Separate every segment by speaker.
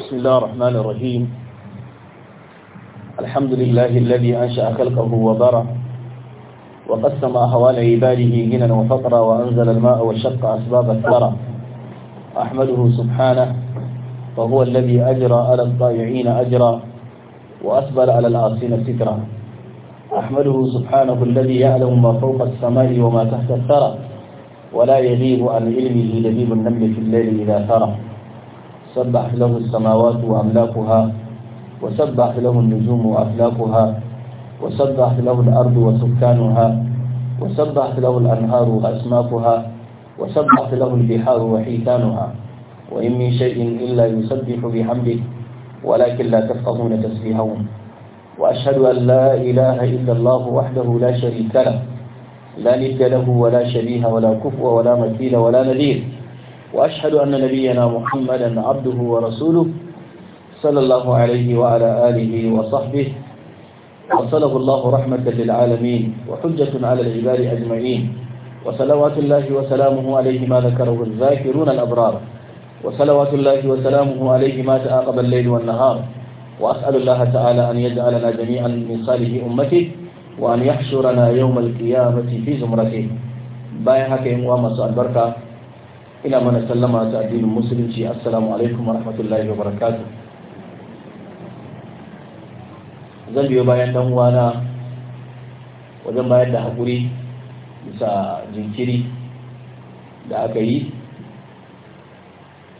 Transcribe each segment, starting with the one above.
Speaker 1: بسم الله الرحمن الرحيم الحمد لله الذي أنشأ خلقه وبرى وقسم أحوال عباده غنى وفقرا وأنزل الماء وشق أسباب الثرى أحمده سبحانه فهو الذي أجرى على الطائعين أجرا وأسبل على العاصين سترا أحمده سبحانه الذي يعلم ما فوق السماء وما تحت الثرى ولا يغيب عن علمه لبيب النمل في الليل إذا ثرى سبح له السماوات وأملاكها وسبح له النجوم وأفلاكها وسبح له الأرض وسكانها وسبح له الأنهار وأسماكها وسبح له البحار وحيتانها وإن من شيء إلا يسبح بحمده ولكن لا تفقهون تسبيحهم وأشهد أن لا إله إلا الله وحده لا شريك له لا ند له ولا شبيه ولا كفو ولا مثيل ولا نذير وأشهد أن نبينا محمدا عبده ورسوله صلى الله عليه وعلى آله وصحبه وصله الله رحمة للعالمين وحجة على العباد أجمعين وصلوات الله وسلامه عليه ما ذكره الذاكرون الأبرار وصلوات الله وسلامه عليه ما تآقب الليل والنهار وأسأل الله تعالى أن يجعلنا جميعا من صالح أمته وأن يحشرنا يوم القيامة في زمرته بايعك إن وامس البركة ina mana sallama ta addinin musulunci assalamu alaikum warahmatullahi wabarakatuh zan biyo bayan dan uwana wajen bayar da hakuri, bisa jinkiri da aka yi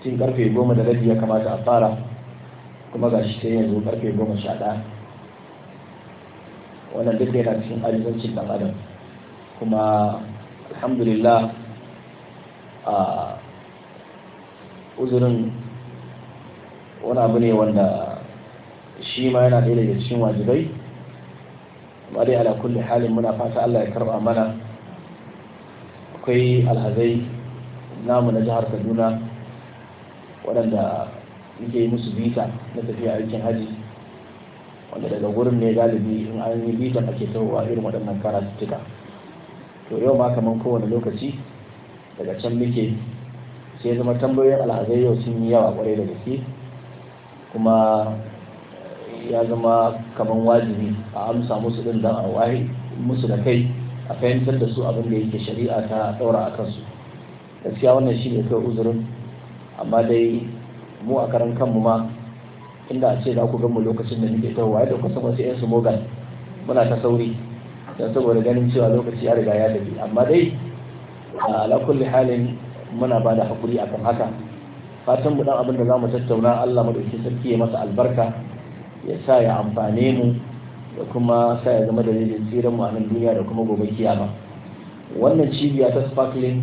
Speaker 1: tun karfe goma da rabi ya kamata a fara kuma ga shi sai yanzu karfe goma sha ɗaya wannan duk yana cikin arzikin ɗan adam kuma alhamdulillah a uzurin wani abu ne wanda shi ma yana ɗaya daga cikin wajibai amma dai ala kulli halin muna fata Allah ya karba mana akwai alhazai namu na jihar Kaduna waɗanda muke yi musu bita na tafiya aikin haji wanda daga wurin ne galibi in an yi bitan ake tawowa irin waɗannan karatuttuka to yau ma kamar kowane lokaci daga can muke sai zama tambayoyin alhazai yau sun yi yawa kwarai da gaske kuma ya zama kamar wajibi a amsa musu din da a musu da kai a fahimtar da su abin da yake shari'a ta daura a kansu gaskiya wannan shi ne kai uzurin amma dai mu a karan kanmu ma inda a ce za ku mu lokacin da muke tawo waye da kusan wasu 'yan su mogan muna ta sauri don saboda ganin cewa lokaci ya riga ya tafi amma dai ala kulli halin muna ba da hakuri akan haka fatan mu dan abin da zamu tattauna Allah madaukakin sarki ya masa albarka ya sa ya amfane mu da kuma sa ya zama dalilin tsiran mu a nan duniya da kuma gobe kiyama wannan cibiya ta sparkling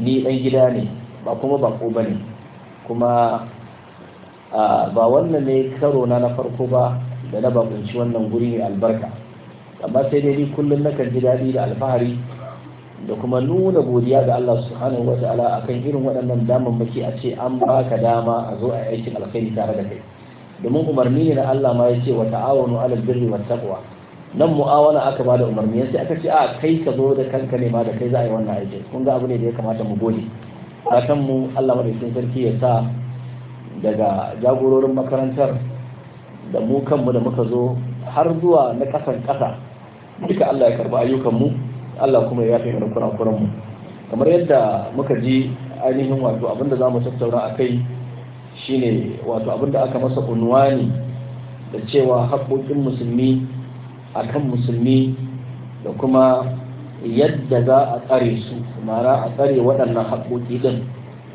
Speaker 1: ni dan gida ne ba kuma bako bane kuma ba wannan ne karo na na farko ba da na bakunci wannan guri ne albarka amma sai dai kullum nakan ji daɗi da alfahari da kuma nuna godiya ga Allah subhanahu wa ta'ala akan irin waɗannan damammaki a ce an baka dama a zo a aikin alkhairi tare da kai domin umarni ne na Allah ma yace wa ta'awanu 'alal birri wat taqwa nan mu'awana aka bada umarni sai aka ce a kai ka zo da kanka ne ma da kai za a yi wannan aikin kun ga abu ne da ya kamata mu gode fatan mu Allah madaukakin sarki ya sa daga jagororin makarantar da mu kanmu da muka zo har zuwa na ƙasan kasa duka Allah ya karba ayyukan mu Allah kuma ya fi hannun kurakuran mu kamar yadda muka ji ainihin wato abinda za mu tattauna a kai shine wato abinda aka masa unwani da cewa haƙoƙin musulmi a kan musulmi da kuma yadda za a tsare su mara a tsare waɗannan haƙoƙi din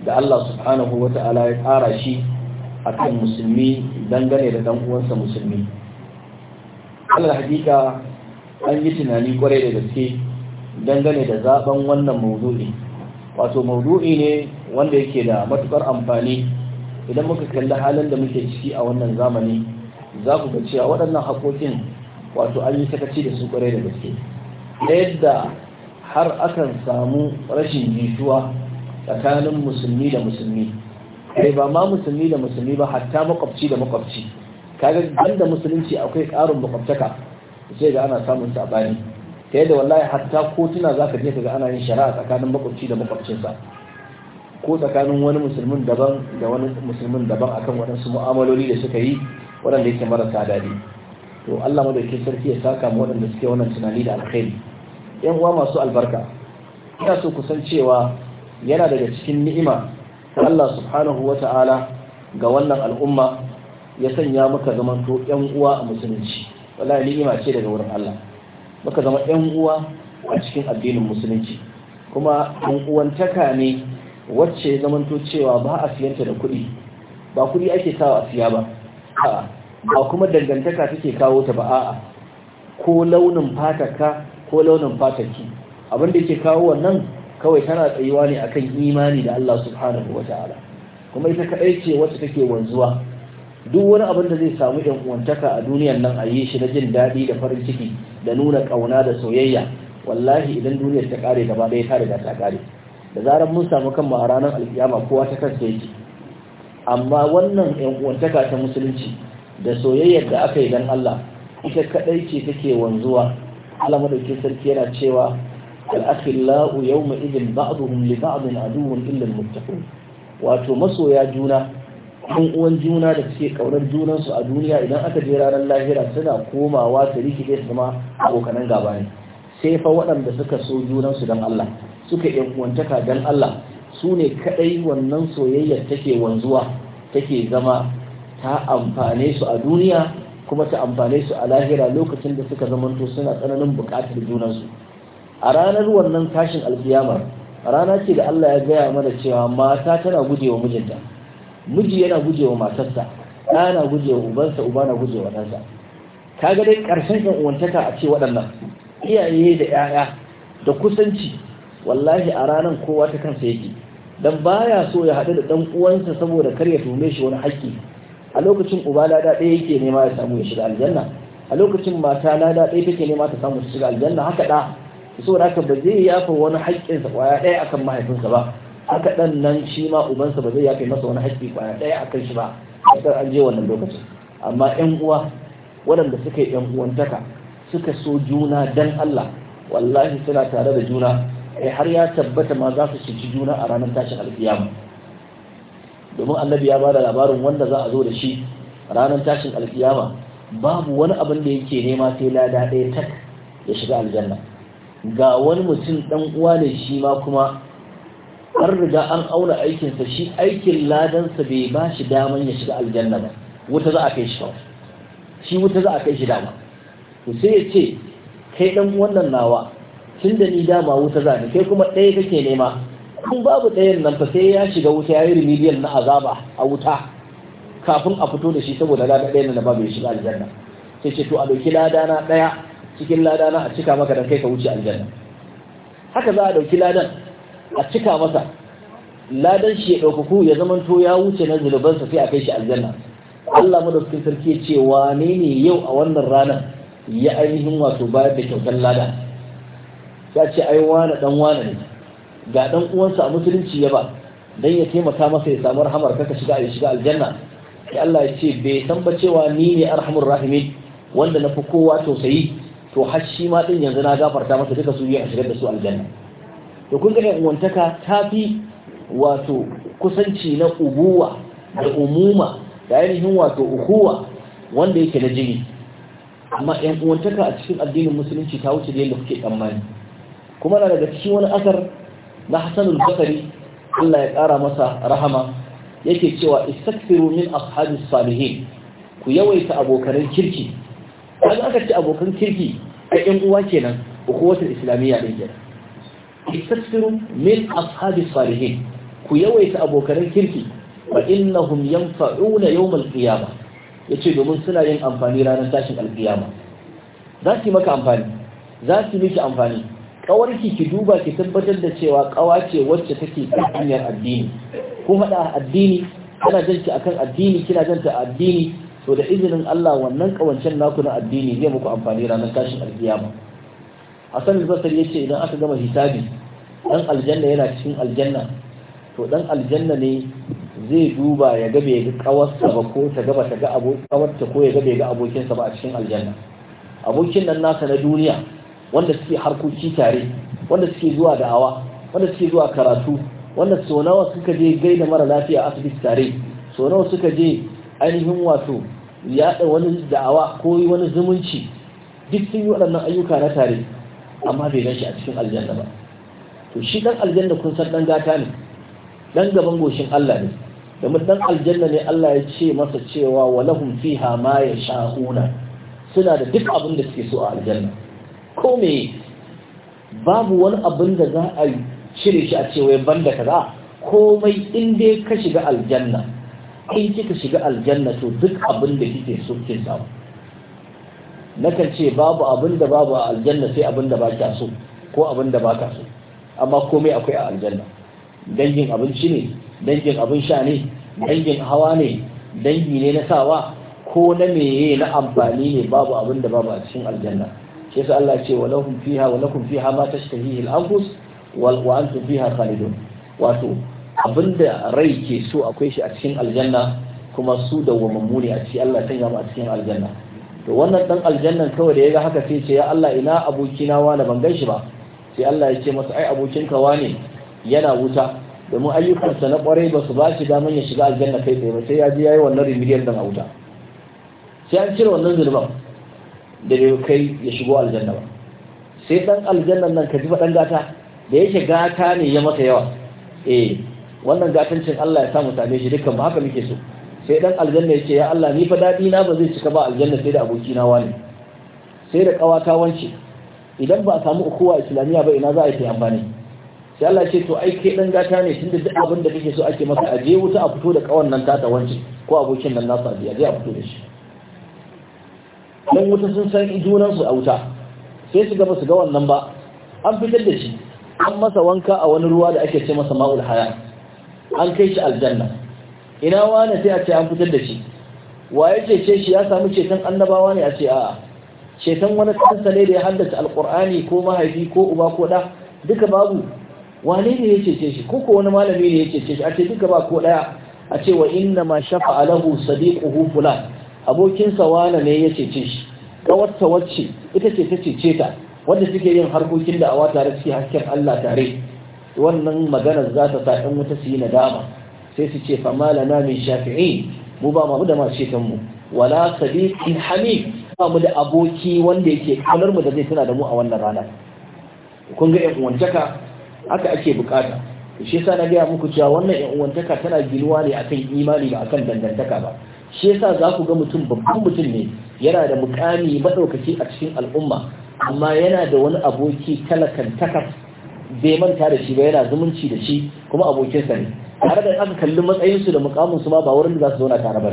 Speaker 1: da Allah subhanahu wata ta'ala ya tsara shi a kan musulmi dangane da ɗan uwansa musulmi. Allah hakika an yi tunani kwarai da gaske dangane da zaben wannan maudu'i wato maudu'i ne wanda yake da matukar amfani idan muka kalli halin da muke ciki a wannan zamani za ku ga cewa waɗannan haƙoƙin wato an yi sakaci da su ƙwarai da gaske ta yadda har akan samu rashin jituwa tsakanin musulmi da musulmi kai eh, ba ma musulmi da musulmi ba hatta makwabci da makwabci kaga banda musulunci akwai ƙarin makwabtaka sai ga ana samun sabani ta yadda wallahi hatta kotuna za ka je ka ga ana yin shari'a tsakanin makwabci da makwabcinsa ko tsakanin wani musulmin daban da wani musulmin daban akan waɗansu mu'amaloli da suka yi waɗanda yake marasa daɗi to Allah madaukakin sarki ya saka mu waɗanda suke wannan tunani da alkhairi yan uwa masu albarka ina so ku san cewa yana daga cikin ni'ima Allah subhanahu wata'ala ga wannan al'umma ya sanya muka zamanto yan uwa a musulunci wallahi ni'ima ce daga wurin Allah muka zama yan uwa a cikin addinin musulunci kuma yan uwantaka ne wacce ya zamanto cewa ba a siyanta da kuɗi ba kuɗi ake sawa a siya ba ba kuma dangantaka take kawo ta ba a'a ko launin fataka ko launin fataki abin da yake kawo wannan kawai tana tsayuwa ne akan imani da Allah subhanahu wata'ala kuma ita kaɗai ce wacce take wanzuwa duk wani abin da zai samu yan uwantaka a duniyan nan a yi shi na jin daɗi da farin ciki da nuna ƙauna da soyayya wallahi idan duniyar ta ƙare gaba ɗaya ta riga ta ƙare da zarar mun samu kan a ranar alkiyama kowa ta kansa yake amma wannan yan uwantaka ta musulunci da soyayya da aka yi dan Allah ita kaɗai ce take wanzuwa Allah madaukin sarki yana cewa al-akhillau yawma idin ba'dhum li ba'dhin aduwwun illa al muttaqin wato masoya juna an uwan juna da suke ƙaunar junansu a duniya idan aka je ranar lahira suna komawa su rikide su zama abokanan gaba ne sai fa waɗanda suka so junansu don Allah suka yan uwantaka don Allah su ne kaɗai wannan soyayyar take wanzuwa take zama ta amfane su a duniya kuma ta amfane su a lahira lokacin da suka zamanto suna tsananin buƙatar junansu a ranar wannan tashin alkiyama rana ce da Allah ya gaya mana cewa mata tana gujewa mijinta miji yana gujewa matarsa ɗa na gujewa ubansa uba na gujewa ɗansa kaga dai ƙarshen ɗan uwantaka a ce waɗannan iyaye da ƴaƴa da kusanci wallahi a ranar kowa ta kansa yake dan baya so ya haɗu da ɗan uwansa saboda kar ya tume shi wani haƙƙi a lokacin uba lada ɗaya yake nema ya samu ya shiga aljanna a lokacin mata lada ɗaya take nema ta samu shiga aljanna haka ɗa saboda haka ba zai yafa wani haƙƙinsa ƙwaya ɗaya akan mahaifinsa ba haka ɗan nan shi ma ubansa ba zai yafe masa wani haƙƙi kwaya ɗaya a kan shi ba sai an je wannan lokacin amma ƴan uwa waɗanda suka yi ƴan uwantaka suka so juna dan Allah wallahi suna tare da juna ai eh, har ya tabbata ma za su cici juna a ranar tashin alkiyama domin annabi ya bada labarin wanda za a zo da shi ranar tashin alkiyama babu wani abin da yake nema sai lada ɗaya tak ya shiga aljanna ga wani mutum ɗan uwa ne shi ma kuma an riga an auna aikinsa shi aikin ladansa bai ba shi daman ya shiga aljanna ba wuta za a kai shi kawai shi wuta za a kai shi dama to sai ya ce kai dan wannan nawa tun da ni dama wuta za ni kai kuma ɗaya kake nema kun babu ɗayan nan fa sai ya shiga wuta ya yi remedial na azaba a wuta kafin a fito da shi saboda lada ɗayan nan babu ya shiga aljanna sai ce to a ɗauki ladana ɗaya cikin ladana a cika maka dan kai ka wuce aljanna haka za a ɗauki ladan a cika masa ladan shi ya ɗaukaku ya zama to ya wuce na zunubansa sai a kai shi aljanna Allah madaukakin sarki ya ce wane ne yau a wannan ranar ya ainihin wato bayar da kyautar lada ya ce ai wane dan wane ne ga dan uwansa a musulunci ya ba dan ya taimaka masa ya samu rahamar kaka shiga ya shiga aljanna ya Allah ya ce bai san ba cewa ni ne arhamur rahimin wanda na fi kowa tausayi to har shi ma din yanzu na gafarta masa duka su yi a shigar da su aljanna da kun ga uwantaka ta fi wato kusanci na ubuwa da umuma da ainihin wato ukuwa wanda yake na jini amma yan uwantaka a cikin addinin musulunci ta wuce da yadda kuke tsammani kuma na daga cikin wani asar na hasanul bakari Allah ya ƙara masa rahama yake cewa istakfiru min ashabis salihin ku yawaita abokan kirki kaga aka ce abokan kirki a yan uwa kenan ukuwatul islamiyya din kenan istaghfiru min ashabi salihin ku yawaita abokanan kirki fa innahum yanfa'una yawm al-qiyamah yace domin suna yin amfani ranar tashin al-qiyama za su maka amfani miki amfani kawarki ki duba ki tabbatar da cewa kawa ce wacce take kan hanyar addini kuma haɗa addini kana jin ki akan addini kina janta a addini to da izinin Allah wannan kawancen naku na addini zai muku amfani ranar tashin al ba. Hassan al ya yace idan aka gama hisabi dan aljanna yana cikin aljanna to dan aljanna ne zai duba ya ga bai ga kawarsa ba ko ta gaba ta ga ko ya ga bai ga abokinsa ba a cikin aljanna abokin nan nasa na duniya wanda suke harkoki tare wanda suke zuwa da'awa wanda suke zuwa karatu wanda so nawa suka je gaida mara lafiya asibiti tare so nawa suka je ainihin wato yaɗa wani da'awa ko wani zumunci duk sun yi waɗannan ayyuka na tare amma bai gan shi a cikin aljanna ba to shi dan aljanna kun san dan gata ne dan gaban goshin Allah ne domin dan aljanna ne Allah ya ce masa cewa wa lahum fiha ma yasha'una suna da duk abin da suke so a aljanna ko me babu wani abin da za a cire shi a cewa ban kaza komai in dai ka shiga aljanna in kika shiga aljanna to duk abin da kike so kin samu nakan ce babu abin da babu a aljanna sai abin da ba ka so ko abin da ba ka so amma komai akwai a aljanna dangin abinci ne dangin abin sha ne dangin hawa ne dangi ne na sawa ko na meye na amfani ne babu abin da babu a cikin aljanna shi yasa Allah ce wa lahum fiha wa lakum fiha ma tashtahihi al-anfus wa antum fiha khalidun wato abinda rai ke so akwai shi a cikin aljanna kuma su da ne a cikin Allah sanya mu a cikin aljanna to wannan dan aljannan kawai da ya ga haka sai ce ya Allah ina abokina wani ban gaishi ba sai Allah ya ce masa ai abokinka wane yana wuta domin ayyukansa na kwarai ba su ba shi daman ya shiga aljanna kai tsaye ba sai ya ji yayi wannan remedial dan a wuta sai an cire wannan zulman da bai kai ya shigo aljanna ba sai dan aljannan nan ka ji dan gata da yake gata ne ya masa yawa eh wannan gatancin Allah ya sa mu shi dukkan ba haka muke so sai dan aljanna yake ya Allah ni fa dadi na ba zai cika ba aljanna sai da aboki na wani sai da kawata wance idan ba a samu ukuwa islamiya ba ina za a yi amfani sai Allah ce to ai kai dan gata ne tunda duk abin da kake so ake masa a je wuta a fito da kawan nan ta wance ko abokin nan nasu a je a fito da shi dan wuta sun san junan su a wuta sai su ga su ga wannan ba an fitar da shi an masa wanka a wani ruwa da ake ce masa ma'ul haya an kai shi aljanna ina wane sai a ce an fitar da shi waye ce shi ya samu ceton annabawa ne a ce a'a ceton wani kansa ne da ya haddace alkur'ani ko mahaifi ko uba ko da duka babu wane ne ya cece shi ko ko wani malami ne ya cece shi a ce duka ba ko daya a ce wa inna ma shafa'a lahu sadiquhu fulan abokin sa wane ne ya cece shi kawarta wacce ita ce ta cece ta wanda suke yin harkokin da awa tare suke hasken Allah tare wannan maganar za ta sa ɗan wuta su yi nadama sai su ce famala na min shafi'i mu ba mu da masu shekan mu wala sadiqin hamid ba mu da aboki wanda yake kamar mu da zai tana da mu a wannan rana kun ga yan uwantaka haka ake bukata shi yasa na gaya muku cewa wannan yan uwantaka tana giluwa ne akan imani ba akan dangantaka ba shi yasa za ku ga mutum babban mutum ne yana da mukami madaukaki a cikin al'umma amma yana da wani aboki talakantaka. bai manta da shi ba yana zumunci da shi kuma abokinsa ne tare da aka kalli matsayinsu da mukamin su ma ba wurin da za su zauna tare ba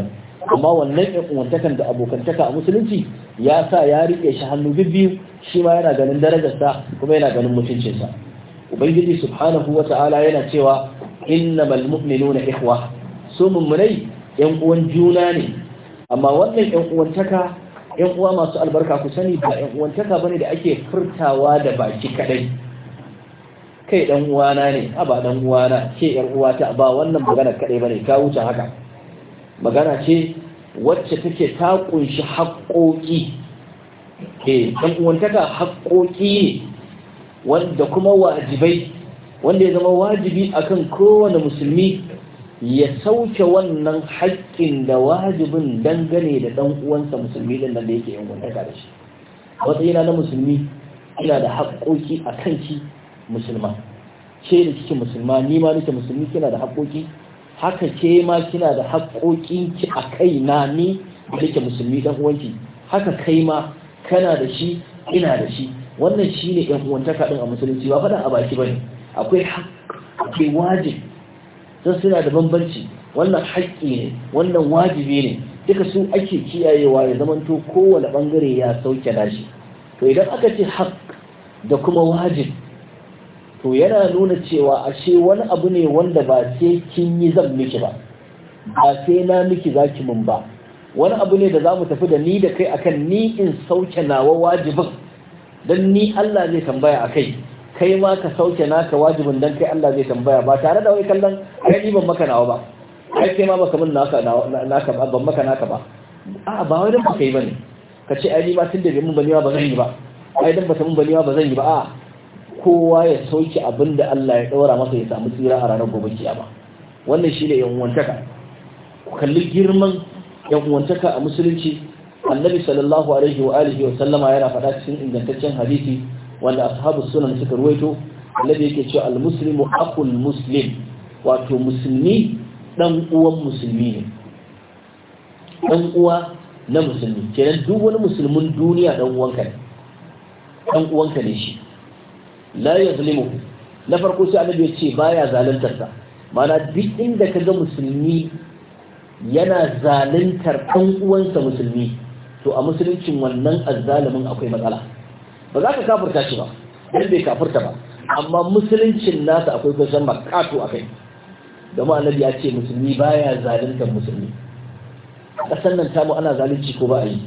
Speaker 1: amma wannan ƴan'uwantakan da abokantaka a musulunci ya sa ya riƙe shi hannu bibbiyu shi ma yana ganin darajarsa kuma yana ganin mutuncinsa ubangiji subhanahu wa ta'ala yana cewa innamal mu'minuna ikhwa su mummunai ƴan uwan juna ne amma wannan ƴan uwantaka ƴan uwa masu albarka ku sani ba ƴan uwantaka bane da ake furtawa da baki kadai kai dan uwana ne a ba dan uwana ke yar uwata ba wannan magana kadai bane ka wuce haka magana ce wacce take ta kunshi haƙoƙi ke dan uwantaka haƙoƙi ne wanda kuma wajibai wanda ya zama wajibi akan kowane musulmi ya sauke wannan haƙƙin da wajibin dangane da ɗan uwansa musulmi nan da yake yin gwantaka da shi matsayina na musulmi ina da haƙoƙi a shi musulma ke da kike musulma ni ma nake musulmi kina da haƙoƙi haka ke ma kina da haƙoƙin ki a kai na ni da nake musulmi dan uwanki haka kai ma kana da shi ina da shi wannan shine yan uwantaka din a musulunci ba faɗan a baki bane akwai haƙƙi wajib sai suna da bambanci wannan haƙƙi ne wannan wajibi ne duka su ake kiyayewa ya zamanto kowane bangare ya sauke nashi to idan aka ce haƙ da kuma wajib to yana nuna cewa ashe wani abu ne wanda ba sai kin yi zan miki ba ba sai na miki za ki mun ba wani abu ne da za mu tafi da ni da kai akan ni in sauke nawa wajibin don ni Allah zai tambaya a kai kai ma ka sauke naka wajibin don kai Allah zai tambaya ba tare da wai kallon kai ban maka nawa ba ai kai ma baka min naka naka ba ban maka naka ba a ba wai dan ba kai bane ka ce ai ni ma tun da bai mun baniwa ba zan yi ba ai dan ba mun bane ba zan yi ba a kowa ya sauke abin da Allah ya ɗaura masa ya samu tsira a ranar gobe ba. wannan shi ne yan'uwantaka ku kalli girman yan'uwantaka a musulunci annabi sallallahu alaihi wa alihi wa sallama yana faɗa cikin ingantaccen hadisi wanda ashabu sunan suka ruwaito annabi yake cewa al-muslimu aqul muslim wato musulmi dan uwan musulmi ne dan uwa na musulmi kenan duk wani musulmin duniya dan uwanka ne dan uwanka ne shi la yuzlimu na farko sai annabi ya ce baya zaluntar sa mana duk inda ka ga musulmi yana zaluntar ɗan uwansa musulmi to a musuluncin wannan azzalumin akwai matsala ba za ka kafurta shi ba dan bai kafurta ba amma musuluncin nasa akwai kusan makato akai domin annabi ya ce musulmi baya zaluntar musulmi kasan nan tamu ana zalunci ko ba a yi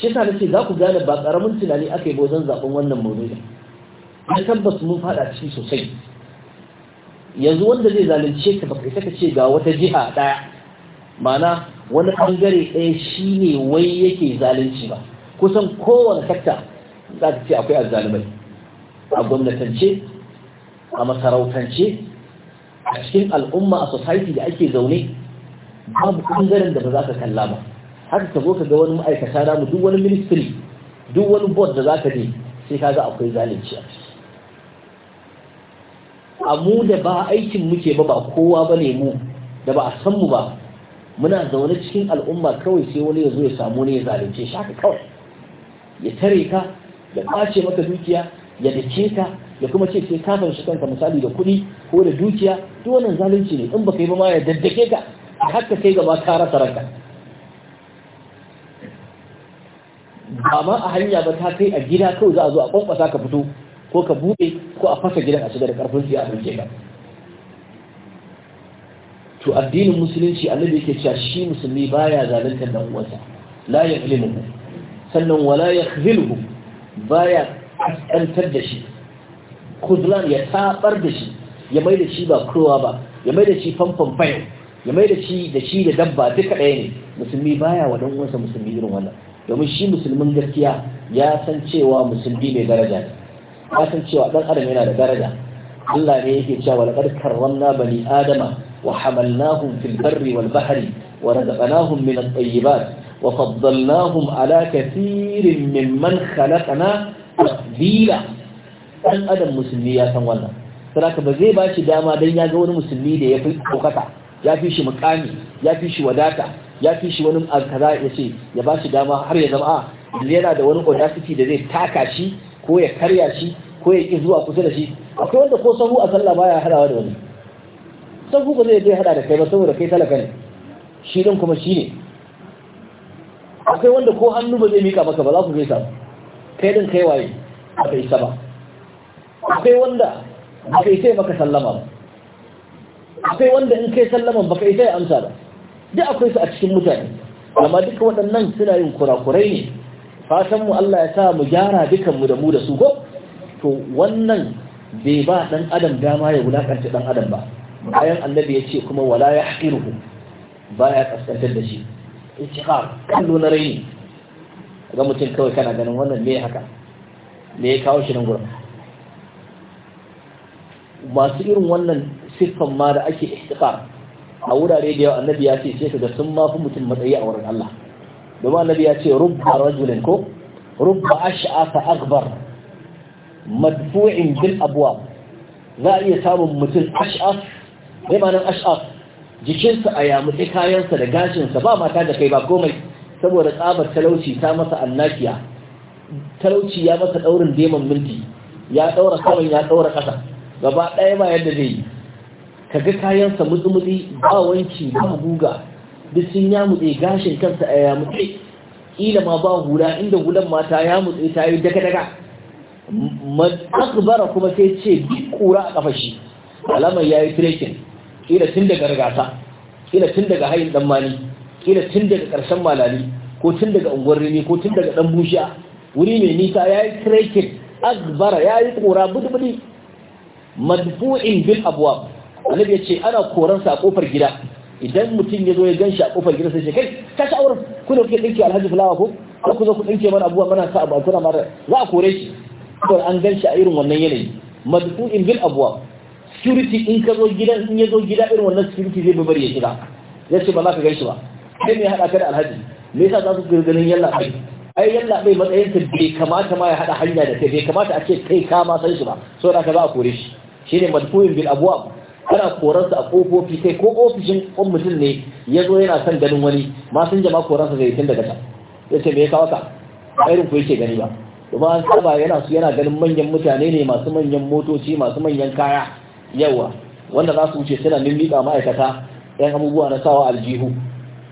Speaker 1: shi yasa ce za ku gane ba karamin tunani aka yi wajen zaben wannan maulidin ya tabbas mun fada ciki sosai yanzu wanda zai zalunce ka baka ka ce ga wata jiha ɗaya. mana wani ɓangare ɗaya shine wai yake zalunci ba kusan kowane sakta za ka ce akwai azzalumai a gwamnatance a masarautance a cikin al'umma a society da ake zaune babu ɓangaren da ba za ka kalla ba haka ka zo ka ga wani ma'aikata mu duk wani ministry duk wani board da za ka ne sai ka ga akwai zalunci a mu da ba aikin muke ba ba kowa ba ne mu da ba a san mu ba muna zaune cikin al'umma kawai sai wani ya zo ya samu ne ya zalunce shi haka kawai ya tare ka ya ɓace maka dukiya ya dace ka ya kuma ce sai kafin shi kanka misali da kuɗi ko da dukiya duk wannan zalunci ne in baka yi ba ma ya daddake ka a haka kai gaba ka rasa ranka ba ma a hanya ba ta kai a gida kawai za a zo a ƙwanƙwasa ka fito ko ka buɗe ko a fasa gidan a shiga da karfin siya a ɗauke ka to addinin musulunci annabi yake cewa shi musulmi baya zalunta da uwansa la yaqlimu sannan wala yakhzilhu baya kaskantar da shi kuzlan ya tabar da shi ya mai da shi ba kowa ba ya mai da shi famfan fayo ya mai da shi da shi da dabba duka ɗaya ne musulmi baya wa dan uwansa musulmi irin wannan domin shi musulmin gaskiya ya san cewa musulmi mai daraja ne ya san cewa dan adam yana da daraja Allah ne yake cewa laqad karramna bani adama wa hamalnahum fil barri wal bahri wa razaqnahum min at-tayyibat wa faddalnahum ala kathirin mimman khalaqna tafdila dan adam musulmi ya san wannan saboda ba zai ba shi dama dan ya ga wani musulmi da ya fi kokata ya fi shi mukami ya fi shi wadata ya fi shi wani alkaza ya ce ya ba shi dama har ya zama ah, yana da wani audacity da zai taka shi ko ya karya shi ko ya ƙi zuwa kusa da shi akwai wanda ko sahu a sallah baya hadawa da wani sahu ba zai zai hada da kai ba saboda kai talaka ne shi din kuma shi ne akwai wanda ko hannu ba zai mika maka ba za ku zai kai din kai waye ba kai ba akwai wanda ba kai sai maka sallama ba akwai wanda in kai sallaman ba kai sai amsa ba duk akwai su a cikin mutane amma duk waɗannan suna yin kurakurai ne fatan mu Allah ya sa mu gyara dukan mu da mu da su ko to wannan bai ba dan adam dama ya wulakanta dan adam ba bayan annabi ya ce kuma wala ya ba baya kaskantar da shi istighfar kallo na raini ga mutum kawai kana ganin wannan me haka me ya kawo shi nan gurin masu irin wannan siffan ma da ake istighfar a wurare da yawa annabi ya ce sai kaga sun ma fi mutum matsayi a wurin Allah domin annabi ya ce rubba rajulin ko rubba ash'asa akbar madfu'in bil abwab za a iya samun mutum ash'as ne ma nan ash'as jikinsa a yamutse kayansa da gashinsa ba mata da kai ba komai saboda tsabar talauci ta masa annakiya talauci ya masa daurin deman minti ya daura saman ya daura kasa gaba ɗaya ba yadda zai yi ka ga kayansa mutumuli ba wanki ba guga duk sun mutse gashin kansa a yamutse kila ma ba hula inda hulan mata ya mutse ta yi daga-daga akbara kuma sai ce duk kura a kafa shi alamar ya yi trekin kila tun daga rigasa, kila tun daga hayin dan mani tun daga karshen malali ko tun daga unguwar rini ko tun daga dan bushiya wuri mai nisa ya yi trekin akbara ya yi kura budubudi madfu'in bil abwab annabi ya ce ana koransa a kofar gida idan mutum ya zo ya gan shi a kofar gida sai ce kai ka sha auren kuna kuke dinke alhaji fulawa ko ko ku zo ku dinke mana abubuwa mana sa abu kuna mara za a kore shi ko an gan shi a irin wannan yanayi in bil abuwa. security in ka zo gidan in ya zo gida irin wannan security zai bari ya shiga ya ce ba za ka gan shi ba Sai me hada ka da alhaji me yasa za ku ganin yalla kai ai yalla bai matsayin ka bai kamata ma ya hada hanya da kai bai kamata a ce kai ka ma san shi ba saboda ka za a kore shi shine madfu'in bil abwa kana koransa a kofofi kai ko ofishin mutum ne ya zo yana son ganin wani ma sun jama koransa zai tun daga ta ya ce me kawaka kawo irin ku yake gani ba kuma an saba yana su yana ganin manyan mutane ne masu manyan motoci masu manyan kaya yawa wanda za su wuce suna mimmiƙa ma'aikata yan abubuwa na sawa aljihu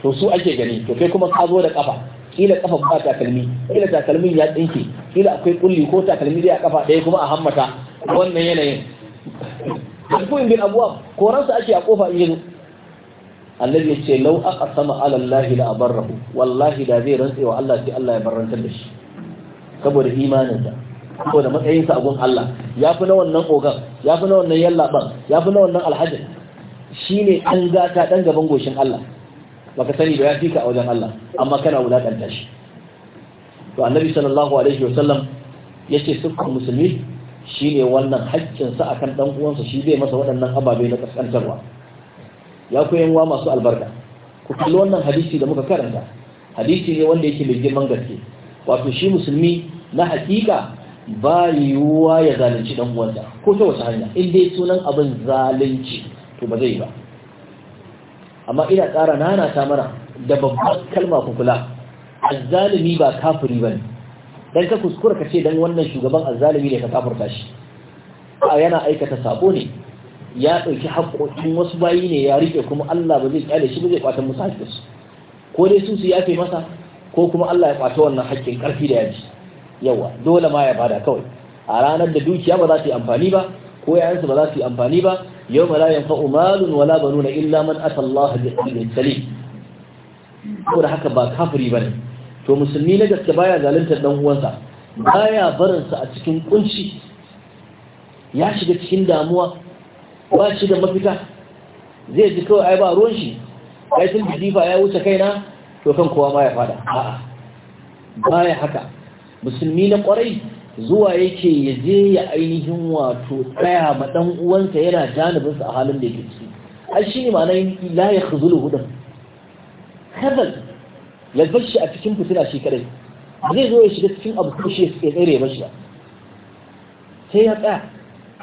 Speaker 1: to su ake gani to kai kuma ka zo da kafa kila kafa ba takalmi kila takalmin ya tsinke kila akwai kulli ko takalmi a kafa ɗaya kuma a hammata wannan yanayin dafin bil abwab koransa ake a kofa in yazo ya ce lau aka sama alallahi la abarrahu wallahi da zai rantse wa Allah sai Allah ya barantar da shi saboda imaninsa saboda matsayinsa a gun Allah ya fi na wannan ogan ya fi na wannan yallaban ya fi na wannan alhajin shi ne an gata ɗan gaban goshin Allah baka sani da ya fika a wajen Allah amma kana wulaƙanta shi to annabi sallallahu alaihi wasallam ya ce musulmi shi ne wannan haƙƙinsa akan ɗan uwansa shi zai masa waɗannan ababe na ƙasƙantarwa ya ku yanwa masu albarka ku kalli wannan hadisi da muka karanta hadisi ne wanda yake mai girman gaske wato shi musulmi na haƙiƙa, ba yiwuwa ya zalunci dan uwansa ko ta wata hanya in dai sunan abin zalunci to ba zai ba amma ina ƙara nana ta mana da babban kalma ku kula zalumi ba ba ne. dan ka kuskura ka ce dan wannan shugaban azzalimi ne ka kafurta shi a yana aikata sabo ne ya ɗauki haƙoƙin wasu bayi ne ya rike kuma Allah ba zai kyale shi ba zai kwatan musu haƙƙinsu ko dai su su yafe masa ko kuma Allah ya kwato wannan haƙƙin ƙarfi da ji. yawa dole ma ya bada kawai a ranar da dukiya ba za yi amfani ba ko yayansu ba za su yi amfani ba yau ma la yanfa'u malun wala banuna illa man ata Allah bi qalbin salim ko da haka ba kafiri bane to musulmi na gaske baya zaluntar dan uwansa baya barinsa a cikin kunci ya shiga cikin damuwa ba shi da mafita zai ji kawai ai ba ruwan shi ai sun ya wuce kaina to kan kowa ma ya fada a'a baya haka musulmi na kwarai zuwa yake ya je ya ainihin wato tsaya ma dan uwansa yana janibinsa a halin da yake ciki ai shine ma'anar la yakhzulu hudan khazal ya bar shi a cikin fitina shi kadai zai zo ya shiga cikin abu ko shi ya tsere ba shi ba sai ya tsaya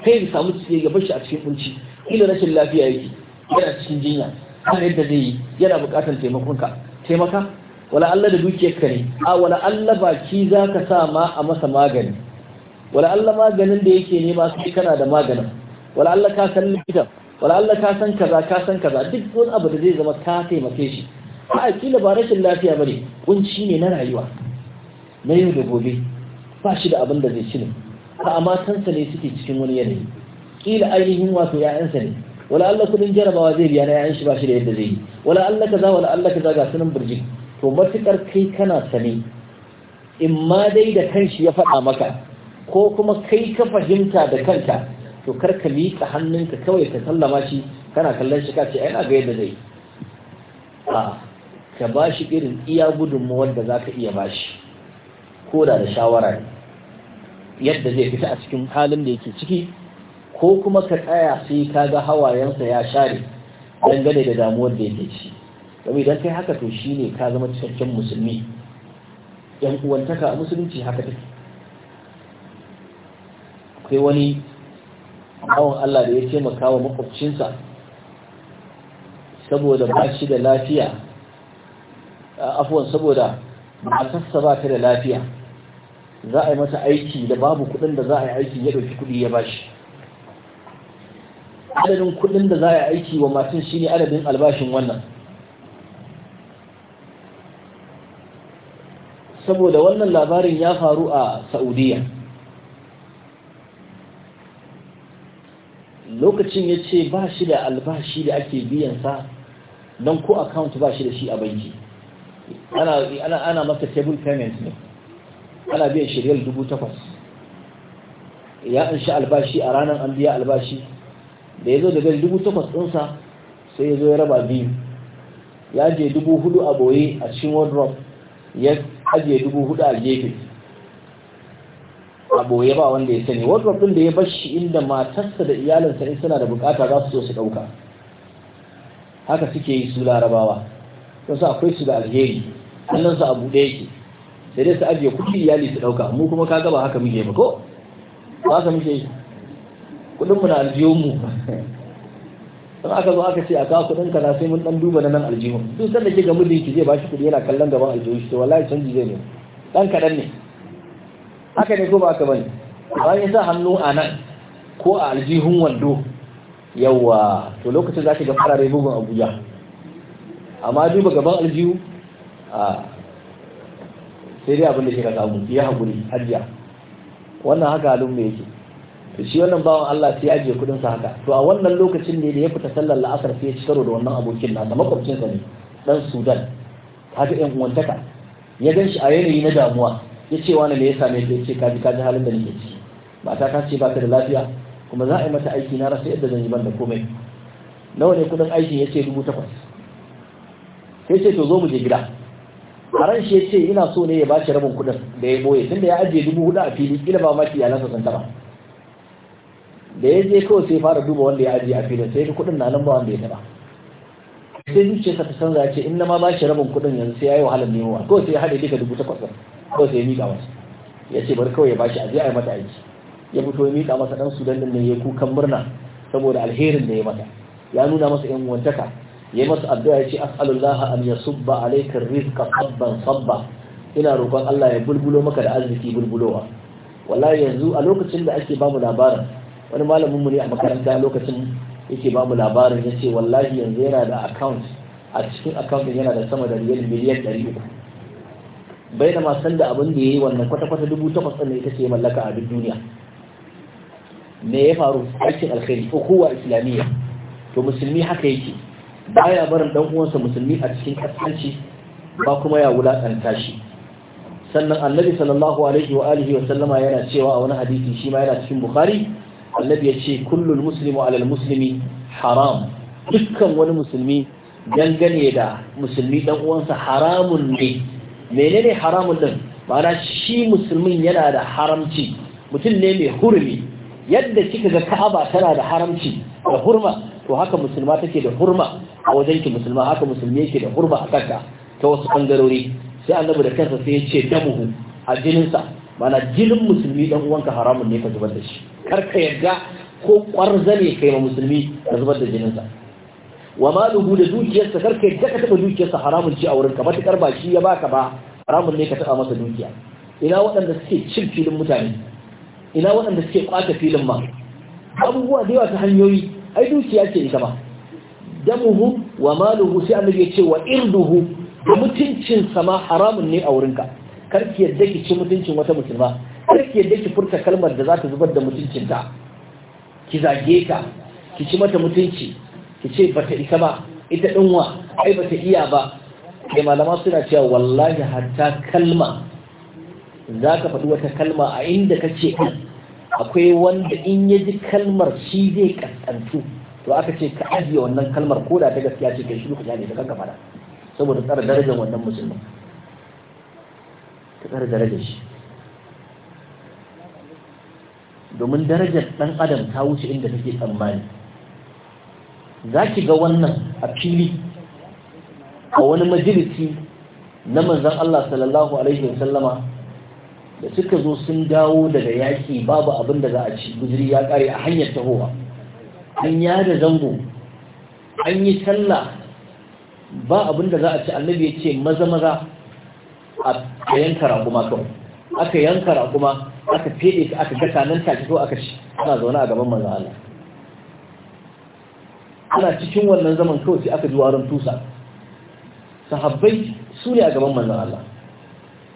Speaker 1: kai ya samu ciki ya bar shi a cikin kunci ila rashin lafiya yake yana cikin jinya kan yadda zai yi yana buƙatar taimakonka taimaka wala Allah da dukiyarka ne a wala Allah baki za ka sa ma a masa magani wala Allah maganin da yake nema sai kana da maganin wala Allah ka san likitan wala Allah ka san kaza ka san kaza duk wani abu da zai zama ka taimake shi a kila ba rashin lafiya ba ne. kunci ne na rayuwa na yau da gobe ba shi da abin da zai ci ne a matansa ne suke cikin wani yanayi kila ainihin wato ya'yansa ne wala Allah kudin jarabawa zai biya na ya'yan shi ba shi da yadda zai yi wala Allah kaza wala Allah kaza ga sunan burji to matukar kai kana sane in ma dai da kanshi ya faɗa maka ko kuma kai ka fahimta da kanka to kar ka miƙa hannunka kawai ka sallama shi kana kallon shi ka ce ai na ga yadda zai a ka ba shi irin iya gudunmawar da za ka iya ba shi ko da da shawara ne yadda zai fita a cikin halin da yake ciki ko kuma ka tsaya sai ka ga hawayensa ya share dangane da damuwar da yake ci domin idan kai haka to shi ne ka zama cikakken musulmi yan uwantaka a musulunci haka take akwai wani bawan Allah da ya taimaka wa makwabcinsa saboda ba shi da lafiya afuwan saboda matarsa ba ta da lafiya za a yi mata aiki da babu kudin da za a yi aiki ya ɗauki kudi ya bashi adadin kudin da za a yi aiki wa matan shine adadin albashin wannan saboda wannan labarin ya faru a saudiya lokacin ya ce ba shi da albashi da ake biyansa don ko account ba shi da shi a banki ana masa table payment ne ana biyan shiryar dubu takwas ya in albashi a ranar an biya albashi da ya zo da dubu takwas ɗinsa sai ya zo ya raba biyu ya je dubu hudu a boye a cikin wardrobe ya ajiye dubu hudu a gefe a boye ba wanda ya sani wardrobe ɗin da ya bashi inda matarsa da iyalinsa in suna da bukata za su so su ɗauka haka suke yi su larabawa sa akwai su da alheri kallon su abu da yake sai dai su ajiye kuɗi iyali su ɗauka mu kuma ka gaba haka muke ba ko ba haka muke kuɗin mu na aljihun mu don aka zo aka ce a kawo kuɗin ka na sai mun ɗan duba na nan aljihun duk sanda ke ga mudin ki zai bashi kuɗi yana kallon gaban aljihun shi to wallahi canji zai ne dan kaɗan ne haka ne ko ba haka bane bayan sa hannu a nan ko a aljihun wando yawa to lokacin za ki ga farare bugun abuja amma duba gaban aljihu a sai dai abin da shi ka samu ya haƙuri hajiya wannan haka halin mai yake to shi wannan bawan Allah sai ajiye kudin sa haka to a wannan lokacin ne da ya fita sallar la'asar sai ya ci karo da wannan abokin nasa makwabcin sa ne dan Sudan haka ɗan uwantaka ya gan shi a yanayi na damuwa ya ce wani ne ya same ka ya ce kaji kaji halin da nake ciki mata ta ce ba ta da lafiya kuma za a yi mata aiki na rasa yadda zan yi ban da komai nawa ne kudin aikin ya ce dubu takwas sai ce to zo mu je gida haran shi ya ce ina so ne ya ba shi rabin kuɗin da ya boye tunda ya ajiye dubu hudu a fili kila ba maki iyalansa sun taba da ya je kawai sai fara duba wanda ya ajiye a filin sai ga kuɗin na nan ba wanda ya taba sai zuciyarsa ta canza ce in ma ba shi rabin kuɗin yanzu sai ya yi wahalar nemowa kawai sai ya haɗe duka dubu takwas kawai sai ya miƙa masa ya ce bari kawai ya ba shi aje a yi mata aiki ya fito ya miƙa masa ɗan sudan ɗin ne ya kukan murna saboda alherin da ya mata ya nuna masa yan wantaka ya masu addu'a ya ce as'alullaha an subba alaikar rizqa sabban sabba ina roƙon Allah ya bulbulo maka da arziki bulbulowa wallahi yanzu a lokacin da ake bamu labarin wani malamin mu ne a makaranta lokacin yake bamu labarin ya ce wallahi yanzu yana da account a cikin account yana da sama da riyal miliyan ɗari uku bai da masan da abin da ya yi wannan kwata-kwata dubu takwas ɗin ita ce mallaka a duk duniya me ya faru aikin alkhairi ko kowa islamiyya to musulmi haka yake baya barin dan uwansa musulmi a cikin kaskanci ba kuma ya wulakanta shi sannan annabi sallallahu alaihi wa alihi wa sallama yana cewa a wani hadisi shi ma yana cikin bukhari annabi ya ce kullul muslimu alal muslimi haram dukkan wani musulmi dangane da musulmi dan uwansa haramun ne menene haramun din ma'ana shi musulmin yana da haramci mutum ne mai hurmi yadda kika ga ka'aba tana da haramci da hurma to haka musulma take da hurma a wajen ki musulma haka musulmi yake da hurma a kanka ta wasu bangarori sai annabi da kansa sai ya ce damuhu a jininsa mana jinin musulmi dan uwanka haramun ne ka zubar da shi kar ka yarda ko kwarza ne kai ma musulmi ka zubar da jininsa wa maluhu da dukiyarsa kar ka yarda ka taba dukiyarsa haramun ci a wurin ka matakar ba shi ya baka ba haramun ne ka taɓa masa dukiya ina waɗanda suke cin filin mutane ina waɗanda suke kwata filin ma abubuwa da yawa ta hanyoyi ai dukiya ce ita ba damuhu wa maluhu sai annabi ya ce wa irduhu da mutuncin sama haramun ne a wurinka kar ki yadda ki ci mutuncin wata musulma kar ki yadda ki furta kalmar da za ta zubar da mutuncinta ki zage ta ki ci mata mutunci ki ce bata isa ba ita dinwa ai bata iya ba kai malama suna cewa wallahi hatta kalma za ka faɗi wata kalma a inda ka ce akwai wanda in ya ji kalmar shi zai kaskantu to aka ce ka ajiye wannan kalmar ko da ta gaskiya ce kai shi ka jane ta kanka fara saboda tsara darajar wannan musulmi ta tsara darajar shi domin darajar ɗan adam ta wuce inda take tsammani za ki ga wannan a fili a wani majalisi na manzan Allah sallallahu alaihi wasallama da suka zo sun dawo daga yaƙi babu abin da za a ci guzuri ya ƙare a hanyar tahowa an yada zango an yi sallah ba abin da za a ci annabi ya ce maza maza a yanka raguma kan aka yanka raguma aka fede aka gasa nan take ko aka ci ana zaune a gaban manzo Allah ana cikin wannan zaman kawai aka ji warin tusa sahabbai su ne a gaban manzo Allah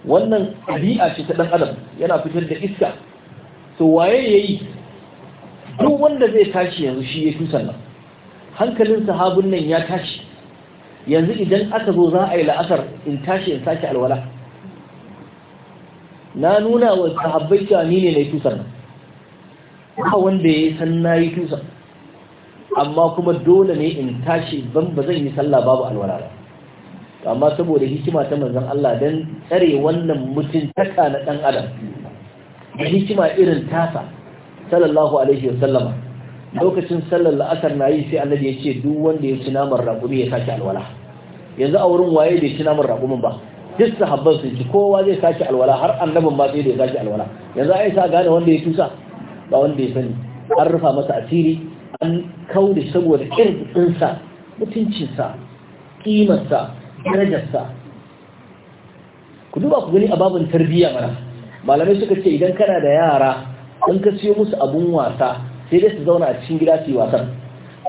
Speaker 1: wannan ɗabi'a ce ta ɗan adam yana fitar da iska to waye ya yi duk wanda zai tashi yanzu shi ya fi sannan hankalin sahabin nan ya tashi yanzu idan aka zo za a yi la'asar in tashi in sake alwala na nuna wa sahabbai cewa ni ne na yi tusan nan ba wanda ya san na yi tusan amma kuma dole ne in tashi ban ba zan yi sallah babu alwala ba amma saboda hikima ta manzon Allah dan tsare wannan mutuntaka na ɗan adam da hikima irin tasa sallallahu alaihi sallama, lokacin sallar la'asar na yi sai annabi ya ce duk wanda ya ci naman raƙumi ya sake alwala yanzu a wurin waye bai ci naman raƙumin ba duk sahabban sun ci kowa zai sake alwala har annabin ma sai da ya sake alwala yanzu ai sa gane wanda ya tusa ba wanda ya sani an rufa masa asiri an kaure saboda irin tsinsa mutuncinsa kimarsa darajarsa ku duba ku gani a babin tarbiyya mana malamai suka ce idan kana da yara in ka siyo musu abun wasa sai dai su zauna a cikin gida su yi wasan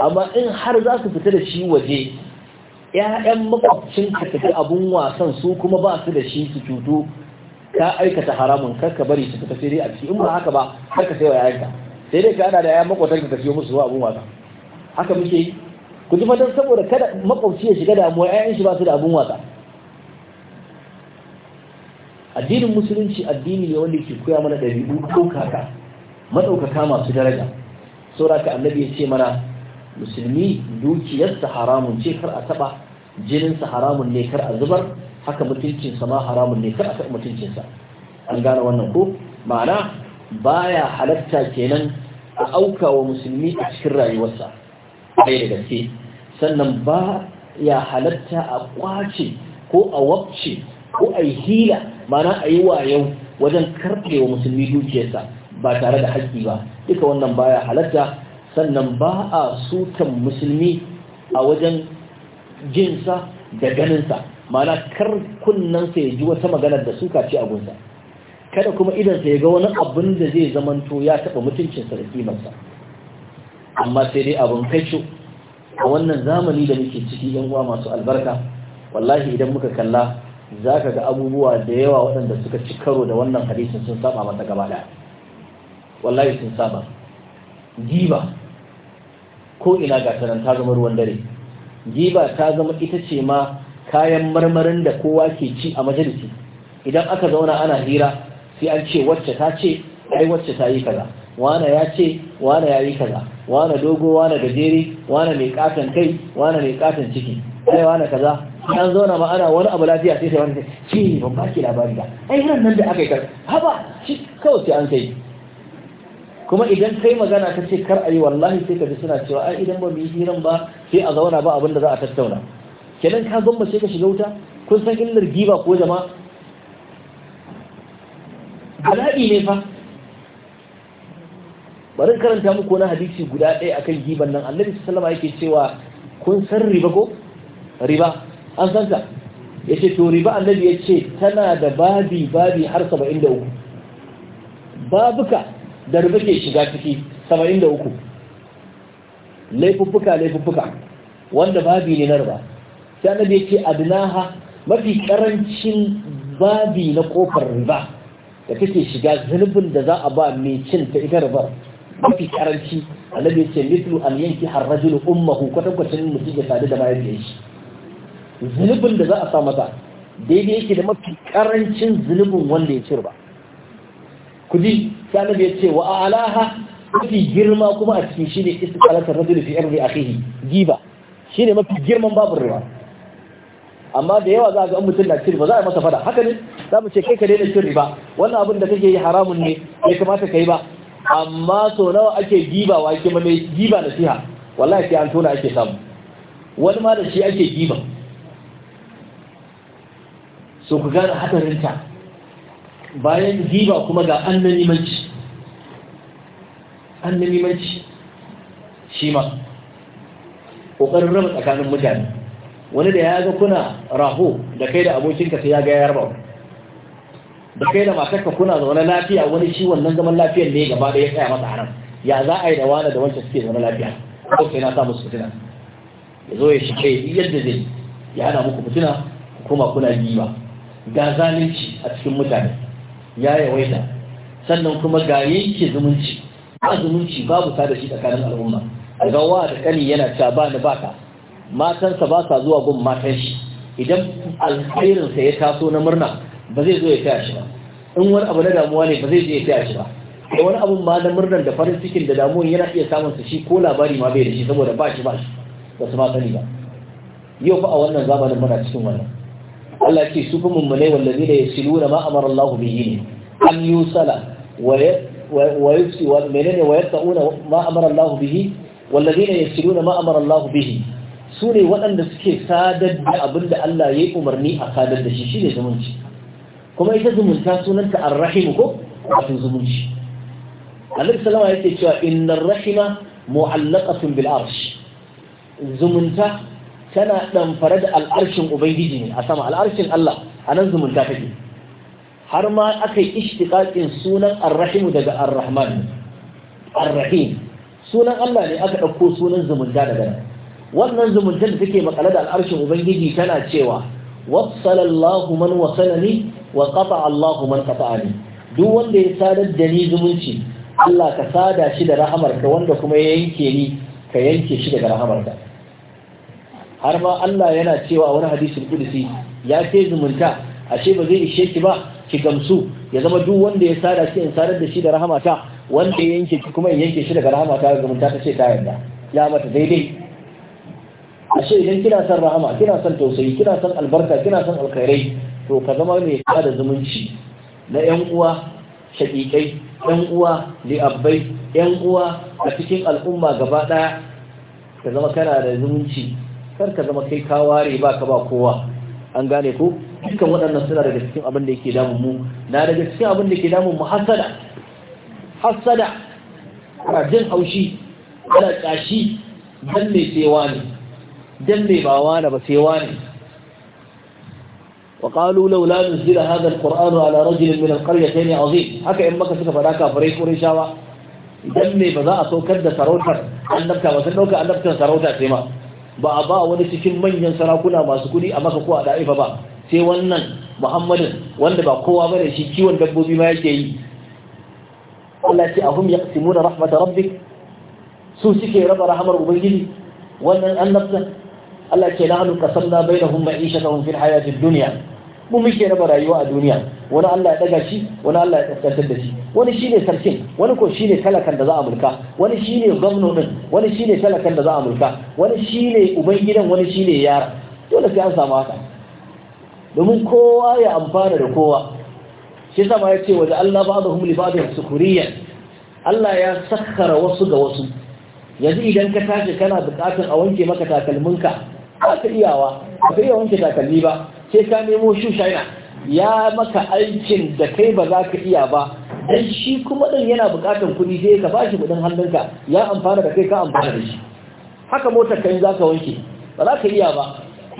Speaker 1: amma in har za su fita da shi waje ‘ya'yan makwabcin ka tafi abun wasan su kuma ba su da shi su cutu ka aikata haramun kar ka bari su fita sai dai a ciki in ba haka ba kar ka sai wa ‘ya'yanka sai dai ka ana da ‘ya'yan makwabcin ka siyo musu abun wasa haka muke yi ku ji fatan saboda kada makwabci ya shiga damuwa ƴaƴan shi ba su da abun wasa addinin musulunci addini ne wanda ke koya mana ɗabi'u ɗaukaka maɗaukaka masu daraja ka annabi ya ce mana musulmi dukiyarsa haramun ce kar a taɓa jininsa haramun ne kar a zubar haka mutuncinsa ma haramun ne kar a taɓa mutuncinsa an gane wannan ko ma'ana baya halatta kenan a auka wa musulmi a cikin rayuwarsa ɗaya da gaske sannan ba ya halatta a kwace ko a wabce ko a yi hila mana a yi wayo wajen karɓe wa musulmi dukiyarsa ba tare da haƙƙi ba duka wannan ba ya halatta sannan ba a sutan musulmi a wajen jinsa da ganinsa mana kar kunnansa ya ji wata maganar da suka ce a gunsa kada kuma idansa ya ga wani abin da zai zamanto ya taɓa mutuncinsa da kimarsa amma sai dai abin kacu a wannan zamani da muke ciki yan uwa masu albarka wallahi idan muka kalla za ka ga abubuwa da yawa waɗanda suka ci karo da wannan hadisin sun saba masa gaba ɗaya wallahi sun saba giba ko ina ga sanan ta zama ruwan dare giba ta zama ita ce ma kayan marmarin da kowa ke ci a majalisi idan aka zauna ana hira sai an ce wacce ta ce ai wacce ta yi kaza wane ya ce wane ya yi kaza wane dogo wane gajere wane mai katon kai wane mai katon ciki ai wane kaza an zauna ma ana wani abu lafiya sai sai wani sai ce ban ba labari da. ai nan nan da aka yi kaza haba shi kawai sai an kai kuma idan kai magana ta ce kar ayi wallahi sai ka ji suna cewa ai idan ba mu yi hiran ba sai a zauna ba abinda za a tattauna kenan ka gwamma sai ka shiga wuta kun san illar giba ko jama'a bala'i ne fa bari karanta muku wani hadisi guda ɗaya akan giban nan annabi sallama yake cewa kun san riba ko riba an san ta yace to riba annabi yace tana da babi babi har 73 babuka da riba ke shiga ciki 73 laifuffuka laifuffuka wanda babi ne na riba sai annabi yace adnaha mafi karancin babi na kofar riba da kake shiga zunubin da za a ba mai cin ta ita ribar mafi karanci annabi ya ce mislu an yanki har rajulu ummahu mutum ya sadu da bayan shi zunubin da za a sa masa daidai yake da mafi karancin zunubin wanda ya ci ku ji sai annabi ya ce wa alaha mafi girma kuma a cikin shine istiqalatar rajulu fi ardi akhihi giba shine mafi girman babu riba amma da yawa za ga mutum na cin ba za a masa fada haka ne za mu ce kai ka daina cin riba wannan abin da kake yi haramun ne ya kamata ka yi ba amma so nawa ake giba wa ake mai giba na siha wallahi sai an tona ake samu wani ma da shi ake giba so ku gane hadarinta bayan giba kuma ga annanimanci annanimanci shi ma ƙoƙarin raba tsakanin mutane wani da ya ga kuna raho da kai da abokinka sai ya ga ya yarba da kai da matarka kuna zaune lafiya wani ciwon nan zaman lafiyar ne gaba da ya tsaya masa haram ya za a yi da wani da wancan suke zaune lafiya ko sai na sa musu fitina ya zo ya shige yadda zai ya hana muku fitina ku koma kuna ba. ga zalunci a cikin mutane ya yawaita sannan kuma ga yanke zumunci ba zumunci babu ta da shi tsakanin al'umma ga wa da kani yana ta ba ni baka matansa ba sa zuwa gun matan shi idan alkhairinsa ya taso na murna ba zai zo ya taya shi ba in wani abu na damuwa ne ba zai zo ya taya shi ba da wani abun ma na murnar da farin cikin da damuwan yana iya samun su shi ko labari ma bai da shi saboda ba shi ba shi ba su ma sani ba yau fa a wannan zamanin muna cikin wannan Allah ce su fi mummunai wallazi da ya silu da ma amara Allah bihi ne an yi sala wa yufsi wa menene wa yatta'una ma amara Allah bihi wallazi da ya silu da ma amara Allah bihi su ne waɗanda suke sadar da abin da Allah ya yi umarni a sadar da shi shi ne zumunci kuma ita zumunta sunanta Ar-rahimu ko wato zumunci annabi ya ce cewa Inna rahima mu'allaqatun bil arsh zumunta tana damfare da al'arshin ubangiji ne a sama al'arshin Allah a nan zumunta take har ma aka yi ishtiqaqin sunan Ar-rahimu daga Ar-rahim? sunan Allah ne aka dauko sunan zumunta daga nan wannan zumuntar da take makale da al'arshin ubangiji tana cewa wasala Allahu man wasalani wa kafa Allahu man kafa qata'ani duk wanda ya sadar da ni zumunci Allah ka sada shi da rahamarka wanda kuma ya yanke ni ka yanke shi daga rahamarka har ma Allah yana cewa a wani hadisin kudusi ya ke zumunta ashe ba zai ishe ki ba ki gamsu ya zama duk wanda ya sada shi in sadar da shi da rahamata wanda ya yanke ki kuma ya yanke shi daga rahamata ga zumunta ta ce ta yarda ya mata daidai ashe idan kina son rahama kina son tausayi kina son albarka kina son alkhairai to ka zama mai da zumunci na yan uwa shaƙiƙai yan uwa li'abbai yan uwa a cikin al'umma gaba ɗaya ka zama kana da zumunci kar ka zama kai ka ware ba ka ba kowa an gane ko dukkan waɗannan suna daga cikin abin da yake damun mu na daga cikin abin da yake damun mu hasada hasada a jin haushi ana ƙashi dan mai sewa ne dan mai bawa na ba sewa ne وقالوا لولا نزل هذا القرآن على رجل من القريتين عظيم haka in maka suka fada kafirai qurayshawa idan ne ba za a saukar da sarautar annabta ba sun dauka annabtar sarauta sai ma ba a ba wani cikin manyan sarakuna masu kudi a maka ko a da'ifa ba sai wannan muhammadin wanda ba kowa bane shi kiwon dabbobi ma yake yi Allah ce ahum yaqsimuna rahmat rabbik su suke raba rahamar ubangiji wannan annabta Allah ce nahnu qasamna bainahum ma'ishatahum fil hayatid dunya mu muke raba rayuwa a duniya wani Allah ya daga shi wani Allah ya kaskantar da shi wani shine sarkin wani ko shine talakan da za a mulka wani shine gwamnonin wani shine talakan da za a mulka wani shine uban gidan wani shine yara dole sai an samu haka domin kowa ya amfana da kowa shi sama ya ce wa da Allah ba da sukuriya Allah ya sakkara wasu ga wasu yanzu idan ka tashi kana bukatun a wanke maka takalminka ba ta iyawa ba ta iya wanke takalmi ba sai ka nemo shu shaina ya maka aikin da kai ba za ka iya ba dan shi kuma din yana buƙatar kuɗi sai ka bashi kuɗin hannunka ya amfana da kai ka amfana da shi haka motar kai za ka wanke ba za ka iya ba